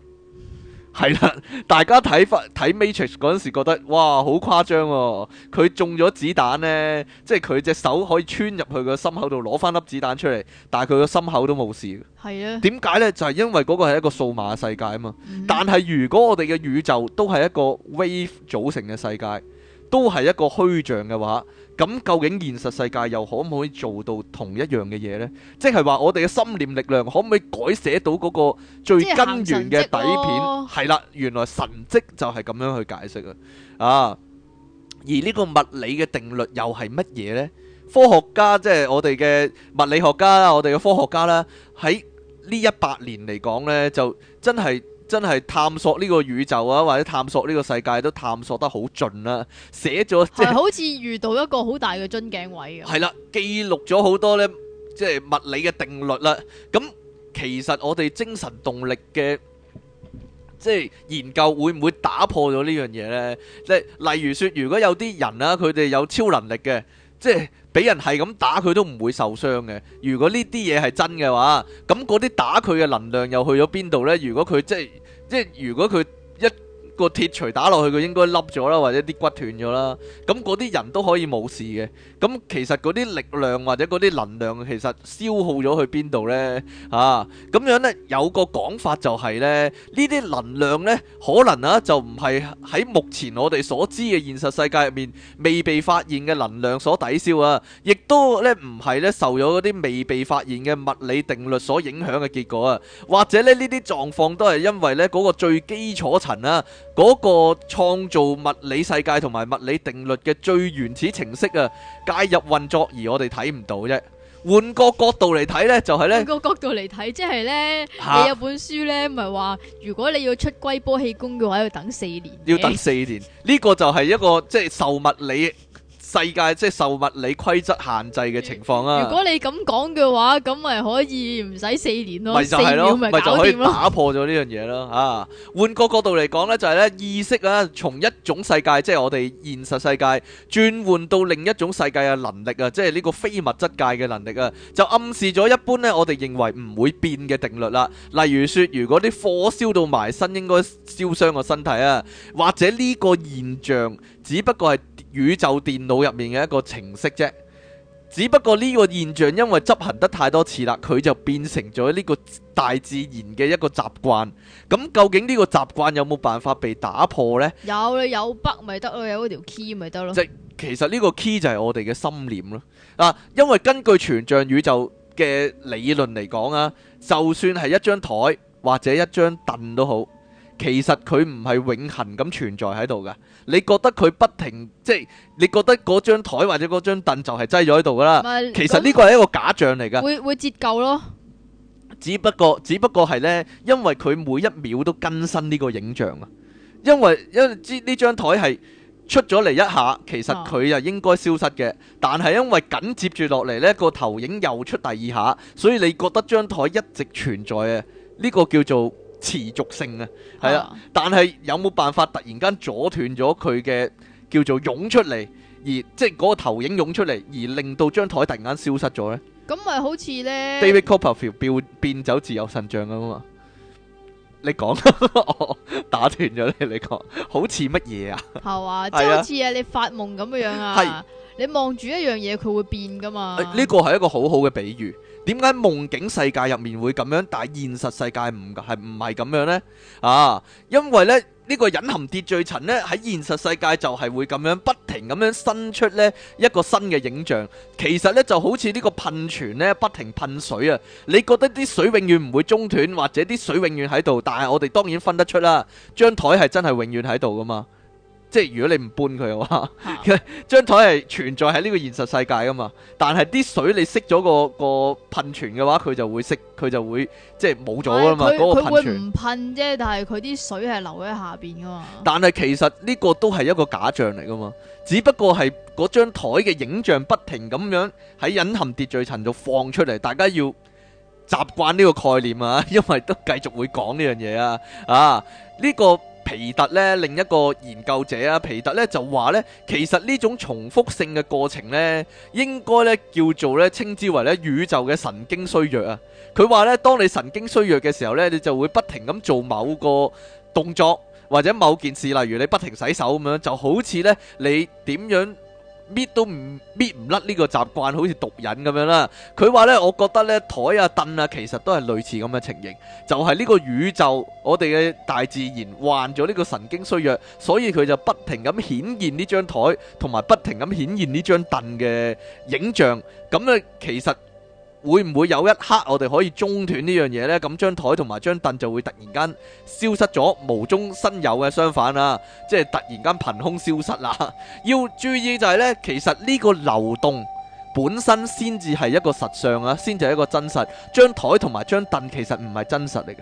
係啦，大家睇翻睇 Matrix 陣時覺得，哇，好誇張喎！佢中咗子彈呢，即係佢隻手可以穿入去個心口度攞翻粒子彈出嚟，但係佢個心口都冇事。係啊，點解呢？就係、是、因為嗰個係一個數碼世界啊嘛。嗯、哼但係如果我哋嘅宇宙都係一個 wave 組成嘅世界，都係一個虛像嘅話。咁究竟現實世界又可唔可以做到同一樣嘅嘢呢？即係話我哋嘅心念力量可唔可以改寫到嗰個最根源嘅底片？係啦、哦，原來神跡就係咁樣去解釋啊，而呢個物理嘅定律又係乜嘢呢？科學家即係、就是、我哋嘅物理學家啦，我哋嘅科學家啦，喺呢一百年嚟講呢，就真係～真係探索呢個宇宙啊，或者探索呢個世界都探索得好盡啦、啊，寫咗即係好似遇到一個好大嘅樽頸位啊！係啦，記錄咗好多呢，即係物理嘅定律啦。咁其實我哋精神動力嘅即係研究會唔會打破咗呢樣嘢呢？即係例如說，如果有啲人啊，佢哋有超能力嘅，即係。俾人係咁打佢都唔會受傷嘅。如果呢啲嘢係真嘅話，咁嗰啲打佢嘅能量又去咗邊度呢？如果佢即係即係，如果佢一個鐵錘打落去佢應該凹咗啦，或者啲骨斷咗啦。咁嗰啲人都可以冇事嘅。咁其實嗰啲力量或者嗰啲能量，其實消耗咗去邊度呢？啊，咁樣呢，有個講法就係呢：呢啲能量呢，可能啊就唔係喺目前我哋所知嘅現實世界入面未被發現嘅能量所抵消啊，亦都呢，唔係呢，受咗嗰啲未被發現嘅物理定律所影響嘅結果啊，或者呢，呢啲狀況都係因為呢，嗰個最基礎層啊。嗰個創造物理世界同埋物理定律嘅最原始程式啊，介入運作而我哋睇唔到啫。換個角度嚟睇呢，就係呢。換個角度嚟睇，即係呢，你有本書呢，咪話如果你要出龜波氣功嘅話，要等四年，要等四年。呢個就係一個即係受物理世界即係受物理規則限制嘅情況啊！如果你咁講嘅話，咁咪可以唔使四年咯，咪就可以打破咗呢樣嘢咯啊！換個角度嚟講咧，就係、是、咧意識啊，從一種世界，即係我哋現實世界轉換到另一種世界嘅能力啊，即係呢個非物質界嘅能力啊，就暗示咗一般咧，我哋認為唔會變嘅定律啦。例如說，如果啲火燒到埋身，應該燒傷個身體啊，或者呢個現象只不過係。宇宙電腦入面嘅一個程式啫，只不過呢個現象因為執行得太多次啦，佢就變成咗呢個大自然嘅一個習慣。咁究竟呢個習慣有冇辦法被打破呢？有啦，有筆咪得咯，有嗰條 key 咪得咯。即其實呢個 key 就係我哋嘅心念咯。嗱、啊，因為根據全像宇宙嘅理論嚟講啊，就算係一張台或者一張凳都好，其實佢唔係永恆咁存在喺度噶。你覺得佢不停，即係你覺得嗰張台或者嗰張凳就係擠咗喺度啦。唔係，其實呢個係一個假象嚟噶。會會折舊咯只，只不過只不過係呢，因為佢每一秒都更新呢個影像啊。因為因之呢張台係出咗嚟一下，其實佢又應該消失嘅。啊，但係因為緊接住落嚟呢個投影又出第二下，所以你覺得張台一直存在啊。呢個叫做持續性啊，係啦，但係有冇辦法突然間阻斷咗佢嘅叫做湧出嚟，而即係嗰個投影湧出嚟，而令到張台突然間消失咗呢？咁咪好似呢 David Copperfield 變走自由神像啊嘛！你講，我 打斷咗你，你講好似乜嘢啊？係啊， 就好似啊你發夢咁嘅樣啊。係。 你望住一樣嘢，佢會變噶嘛？呢個係一個好好嘅比喻。點解夢境世界入面會咁樣，但係現實世界唔係唔係咁樣呢？啊，因為呢呢、這個隱含秩序層呢，喺現實世界就係會咁樣不停咁樣伸出呢一個新嘅影像。其實呢就好似呢個噴泉呢，不停噴水啊！你覺得啲水永遠唔會中斷，或者啲水永遠喺度，但係我哋當然分得出啦。張台係真係永遠喺度噶嘛？即係如果你唔搬佢嘅話，張台係存在喺呢個現實世界噶嘛。但係啲水你熄咗個個噴泉嘅話，佢就會熄，佢就會即係冇咗噶嘛。嗰個噴泉唔噴啫，但係佢啲水係留喺下邊噶嘛。但係其實呢個都係一個假象嚟噶嘛，只不過係嗰張台嘅影像不停咁樣喺隱含秩序層度放出嚟。大家要習慣呢個概念啊，因為都繼續會講呢樣嘢啊。啊，呢、這個。皮特呢，另一個研究者啊，皮特呢，就話呢，其實呢種重複性嘅過程呢，應該呢叫做呢，稱之為呢宇宙嘅神經衰弱啊。佢話呢，當你神經衰弱嘅時候呢，你就會不停咁做某個動作，或者某件事，例如你不停洗手咁樣，就好似呢你點樣，搣都唔搣唔甩呢個習慣，好似毒癮咁樣啦。佢話呢，我覺得呢，台啊凳啊，其實都係類似咁嘅情形，就係呢個宇宙，我哋嘅大自然患咗呢個神經衰弱，所以佢就不停咁顯現呢張台，同埋不停咁顯現呢張凳嘅影像。咁呢，其實。會唔會有一刻我哋可以中斷呢樣嘢呢？咁張台同埋張凳就會突然間消失咗，無中生有嘅相反啊，即係突然間憑空消失啦。要注意就係呢，其實呢個流動本身先至係一個實相啊，先至係一個真實。張台同埋張凳其實唔係真實嚟嘅，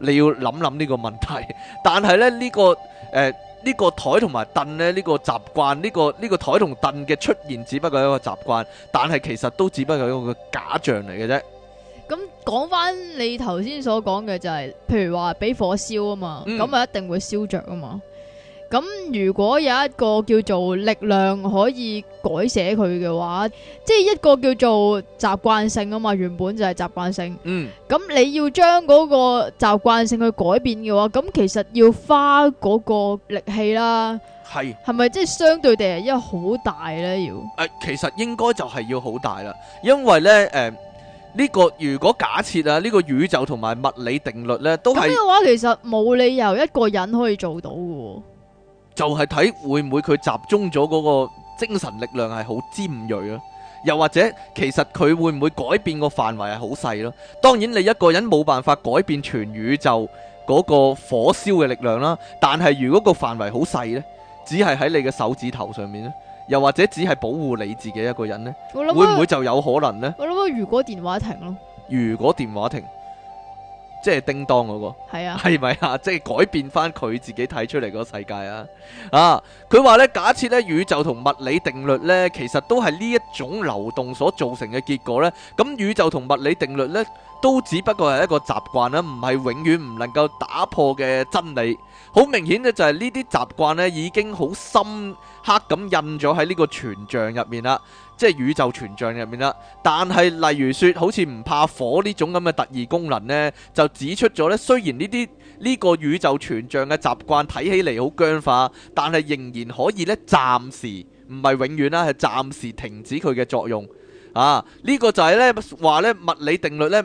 你要諗諗呢個問題。但係咧呢、呢個誒。呃呢個台同埋凳咧，呢個習慣，呢個呢個台同凳嘅出現，只不過係一個習慣，但係其實都只不過係一個假象嚟嘅啫。咁講翻你頭先所講嘅就係，譬如話俾火燒啊嘛，咁啊一定會燒着啊嘛。咁如果有一個叫做力量可以改寫佢嘅話，即係一個叫做習慣性啊嘛，原本就係習慣性。嗯，咁你要將嗰個習慣性去改變嘅話，咁其實要花嗰個力氣啦。係，係咪即係相對地係一好大咧？要誒，其實應該就係要好大啦，因為咧誒呢個如果假設啊，呢個宇宙同埋物理定律咧都係咁嘅話，其實冇理由一個人可以做到嘅。就係睇會唔會佢集中咗嗰個精神力量係好尖銳啊，又或者其實佢會唔會改變個範圍係好細咯？當然你一個人冇辦法改變全宇宙嗰個火燒嘅力量啦，但係如果個範圍好細呢，只係喺你嘅手指頭上面呢，又或者只係保護你自己一個人呢，會唔會就有可能呢？我諗如果電話停咯。如果電話停。即係叮當嗰個，係啊，係咪啊？即係改變翻佢自己睇出嚟個世界啊！啊，佢話呢，假設呢，宇宙同物理定律呢，其實都係呢一種流動所造成嘅結果呢。咁宇宙同物理定律呢，都只不過係一個習慣啦，唔係永遠唔能夠打破嘅真理。好明顯嘅就係呢啲習慣咧，已經好深刻咁印咗喺呢個全像入面啦，即係宇宙全像入面啦。但係例如說，好似唔怕火呢種咁嘅特異功能呢，就指出咗呢。雖然呢啲呢個宇宙全像嘅習慣睇起嚟好僵化，但係仍然可以咧暫時，唔係永遠啦，係暫時停止佢嘅作用。啊，呢、呢個就係呢話呢物理定律呢。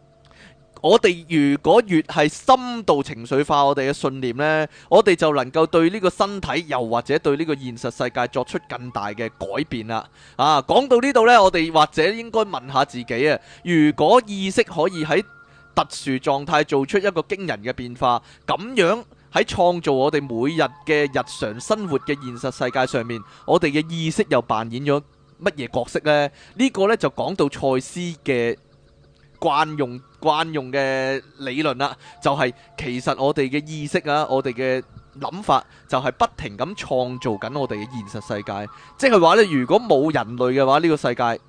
我哋如果越係深度情緒化我，我哋嘅信念咧，我哋就能夠對呢個身體又或者對呢個現實世界作出更大嘅改變啦。啊，講到呢度咧，我哋或者應該問下自己啊，如果意識可以喺特殊狀態做出一個驚人嘅變化，咁樣喺創造我哋每日嘅日常生活嘅現實世界上面，我哋嘅意識又扮演咗乜嘢角色咧？呢、這個咧就講到賽斯嘅。慣用慣用嘅理論啦，就係其實我哋嘅意識啊，我哋嘅諗法就係不停咁創造緊我哋嘅現實世界，即係話呢，如果冇人類嘅話，呢個世界，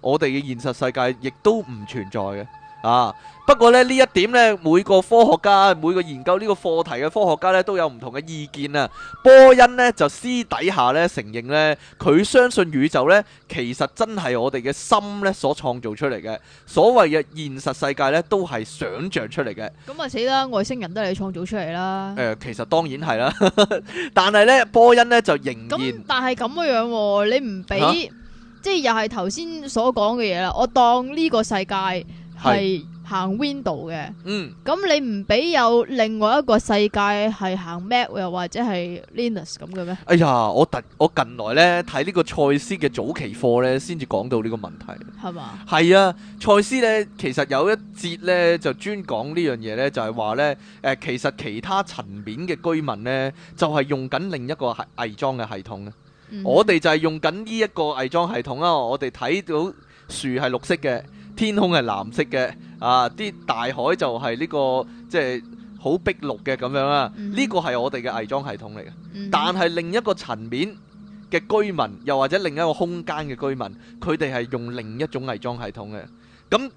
我哋嘅現實世界亦都唔存在嘅。啊！不過咧呢一點咧，每個科學家、每個研究呢個課題嘅科學家咧，都有唔同嘅意見啊。波恩咧就私底下咧承認咧，佢相信宇宙咧其實真係我哋嘅心咧所創造出嚟嘅，所謂嘅現實世界咧都係想象出嚟嘅。咁啊死啦，外星人都係你創造出嚟啦。誒、呃，其實當然係啦， 但係咧波恩咧就仍然，但係咁嘅樣、啊，你唔俾，啊、即係又係頭先所講嘅嘢啦，我當呢個世界。係行 window 嘅，嗯，咁你唔俾有另外一個世界係行 Mac 又或者係 Linux 咁嘅咩？哎呀，我特我近來呢睇呢個賽斯嘅早期課呢，先至講到呢個問題，係嘛吧？係啊，賽斯呢其實有一節呢就專講呢樣嘢呢，就係話呢，誒、就是，其實其他層面嘅居民呢，就係、是、用緊另一個偽裝嘅系統嘅、嗯，我哋就係用緊呢一個偽裝系統啊。我哋睇到樹係綠色嘅。天空係藍色嘅，啊啲大海就係呢、這個即係好碧綠嘅咁樣啊。呢、嗯、哼個係我哋嘅偽裝系統嚟嘅，嗯、哼但係另一個層面嘅居民，又或者另一個空間嘅居民，佢哋係用另一種偽裝系統嘅，咁、嗯。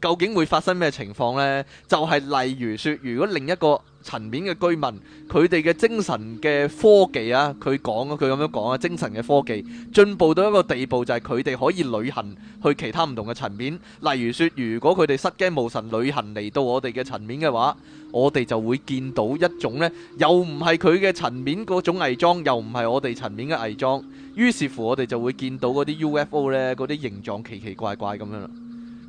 究竟會發生咩情況呢？就係例如說，如果另一個層面嘅居民，佢哋嘅精神嘅科技啊，佢講啊，佢咁樣講啊，精神嘅科技進步到一個地步，就係佢哋可以旅行去其他唔同嘅層面。例如說，如果佢哋失驚無神旅行嚟到我哋嘅層面嘅話，我哋就會見到一種呢，又唔係佢嘅層面嗰種偽裝，又唔係我哋層面嘅偽裝。於是乎，我哋就會見到嗰啲 UFO 呢，嗰啲形狀奇奇怪怪咁樣。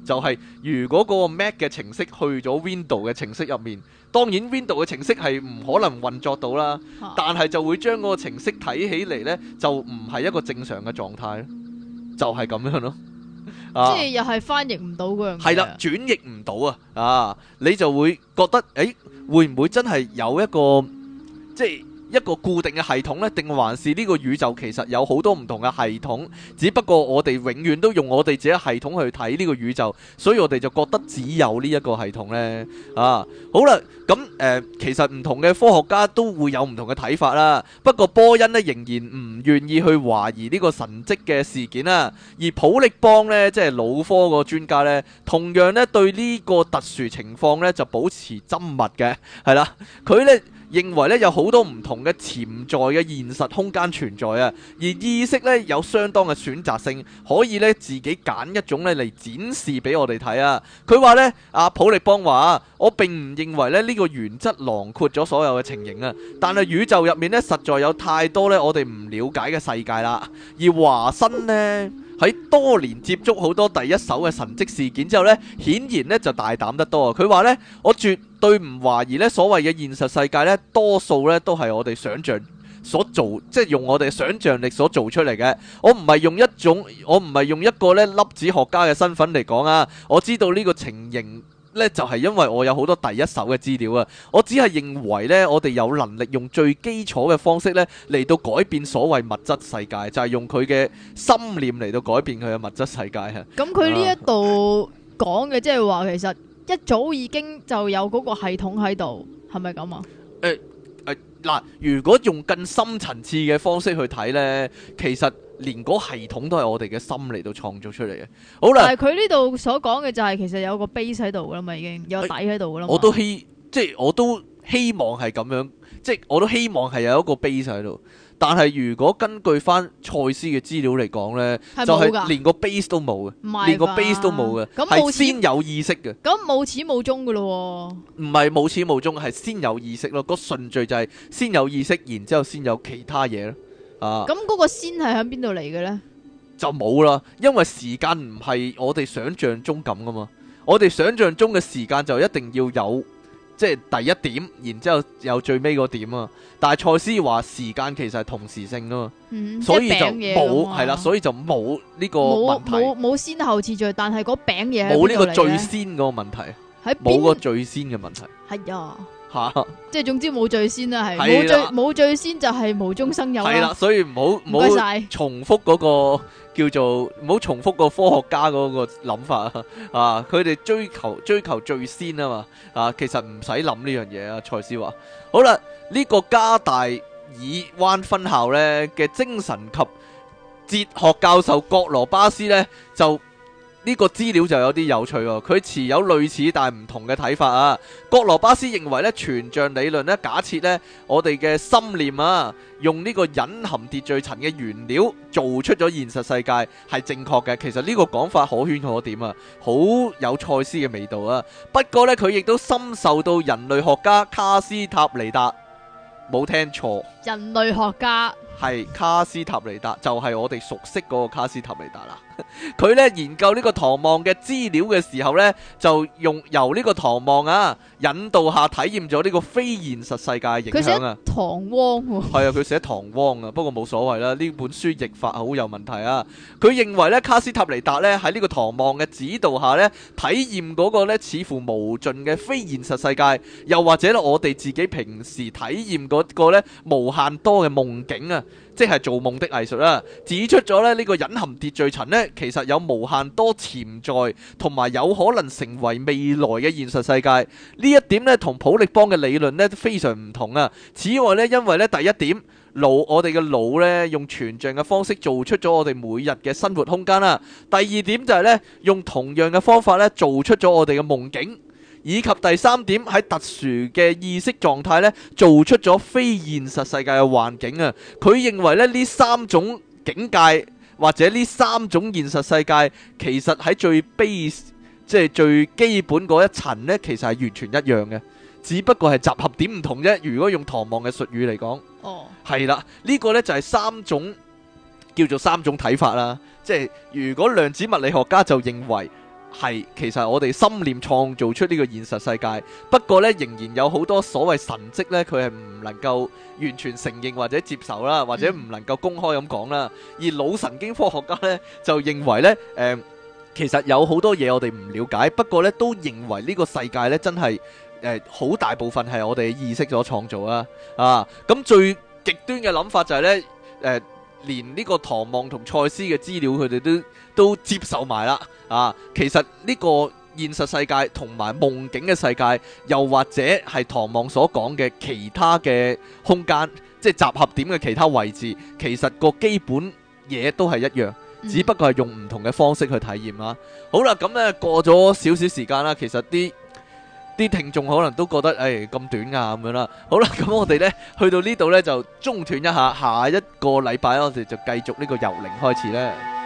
就係如果個 Mac 嘅程式去咗 Window 嘅程式入面，當然 Window 嘅程式係唔可能運作到啦。但係就會將個程式睇起嚟呢，就唔係一個正常嘅狀態，就係咁樣咯。即係又係翻譯唔到嗰樣嘢，係啦，轉譯唔到啊！啊，你就會覺得，誒，會唔會真係有一個即係，一個固定嘅系統呢，定還是呢個宇宙其實有好多唔同嘅系統，只不過我哋永遠都用我哋自己系統去睇呢個宇宙，所以我哋就覺得只有呢一個系統呢。啊。好啦，咁誒、呃，其實唔同嘅科學家都會有唔同嘅睇法啦。不過波恩呢，仍然唔願意去懷疑呢個神蹟嘅事件啦。而普力邦呢，即係腦科個專家呢，同樣呢對呢個特殊情況呢，就保持針密嘅，係啦，佢呢。認為咧有好多唔同嘅潛在嘅現實空間存在啊，而意識咧有相當嘅選擇性，可以咧自己揀一種咧嚟展示俾我哋睇啊。佢話咧，阿普力邦話：我並唔認為咧呢個原則囊括咗所有嘅情形啊，但係宇宙入面咧實在有太多咧我哋唔了解嘅世界啦。而華生呢。喺多年接觸好多第一手嘅神蹟事件之後呢，顯然呢就大膽得多。佢話呢，我絕對唔懷疑呢所謂嘅現實世界呢，多數呢都係我哋想象所做，即係用我哋想像力所做出嚟嘅。我唔係用一種，我唔係用一個呢粒子學家嘅身份嚟講啊。我知道呢個情形。呢就係因為我有好多第一手嘅資料啊，我只係認為呢，我哋有能力用最基礎嘅方式呢嚟到改變所謂物質世界，就係、是、用佢嘅心念嚟到改變佢嘅物質世界啊。咁佢呢一度講嘅，即係話其實一早已經就有嗰個系統喺度，係咪咁啊？欸嗱，如果用更深層次嘅方式去睇呢，其實連個系統都係我哋嘅心嚟到創造出嚟嘅。好啦，但係佢呢度所講嘅就係、是、其實有個 base 喺度噶啦嘛，已經有底喺度噶啦。我都希，即係我都希望係咁樣，即係我都希望係有一個 base 喺度。但係如果根據翻賽斯嘅資料嚟講呢就係連個 base 都冇嘅，連個 base 都冇嘅，係、嗯、先有意識嘅。咁冇、嗯嗯、始冇終嘅咯喎。唔係冇始冇終，係先有意識咯。個順序就係先有意識，然之後先有其他嘢咯。啊，咁嗰、嗯那個先係喺邊度嚟嘅呢？就冇啦，因為時間唔係我哋想象中咁噶嘛。我哋想象中嘅時間就一定要有。即係第一點，然之後有最尾個點啊！但係蔡思話時間其實係同時性噶嘛，所以就冇係啦，所以就冇呢個問題。冇冇先後次序，但係嗰餅嘢冇呢個最先嗰個問題。冇個最先嘅問題。係啊。吓，啊、即係總之冇最先啦、啊，係冇最冇最先就係無中生有啦、啊。係啦，所以唔好唔好重複嗰個叫做唔好重複個科學家嗰個諗法啊！啊，佢哋追求追求最先啊嘛啊，其實唔使諗呢樣嘢啊！蔡思話好啦，呢、這個加大爾灣分校咧嘅精神及哲學教授格羅巴斯咧就。呢個資料就有啲有趣喎、哦，佢持有類似但係唔同嘅睇法啊。格羅巴斯認為咧，全像理論咧，假設呢，我哋嘅心念啊，用呢個隱含秩序層嘅原料做出咗現實世界係正確嘅。其實呢個講法可圈可點啊，好有賽斯嘅味道啊。不過呢，佢亦都深受到人類學家卡斯塔尼達冇聽錯。人類學家。係卡斯塔尼達，就係、是、我哋熟悉嗰個卡斯塔尼達啦。佢 咧研究呢個唐望嘅資料嘅時候咧，就用由呢個唐望啊引導下體驗咗呢個非現實世界嘅影響啊。唐汪喎、啊。 係啊，佢寫唐汪啊，不過冇所謂啦。呢本書譯法好有問題啊。佢 認為咧，卡斯塔尼達咧喺呢個唐望嘅指導下咧，體驗嗰個咧似乎無盡嘅非現實世界，又或者咧我哋自己平時體驗嗰個咧無限多嘅夢境啊。即係做夢的藝術啦，指出咗咧呢個隱含秩序層咧，其實有無限多潛在同埋有可能成為未來嘅現實世界呢一點咧，同普力邦嘅理論咧都非常唔同啊。此外咧，因為咧第一點腦我哋嘅腦咧用全像嘅方式做出咗我哋每日嘅生活空間啦，第二點就係咧用同樣嘅方法咧做出咗我哋嘅夢境。以及第三點喺特殊嘅意識狀態咧，做出咗非現實世界嘅環境啊！佢認為咧呢三種境界或者呢三種現實世界，其實喺最 base 即係最基本嗰一層咧，其實係完全一樣嘅，只不過係集合點唔同啫。如果用唐望嘅術語嚟講，哦、oh.，係啦，呢個呢就係三種叫做三種睇法啦。即係如果量子物理學家就認為，係，其實我哋心念創造出呢個現實世界。不過呢，仍然有好多所謂神跡呢，佢係唔能夠完全承認或者接受啦，或者唔能夠公開咁講啦。而腦神經科學家呢，就認為呢，誒、呃，其實有好多嘢我哋唔了解。不過呢，都認為呢個世界呢，真係誒，好、呃、大部分係我哋意識所創造啦。啊，咁最極端嘅諗法就係呢，誒、呃，連呢個唐望同賽斯嘅資料，佢哋都都接受埋啦。啊，其實呢個現實世界同埋夢境嘅世界，又或者係唐望所講嘅其他嘅空間，即係集合點嘅其他位置，其實個基本嘢都係一樣，只不過係用唔同嘅方式去體驗啦。好啦，咁、嗯、咧、嗯、過咗少少時間啦，其實啲啲聽眾可能都覺得誒咁、哎、短啊咁樣啦。好啦，咁我哋呢去到呢度呢，就中斷一下，下一個禮拜我哋就繼續呢個由零開始呢。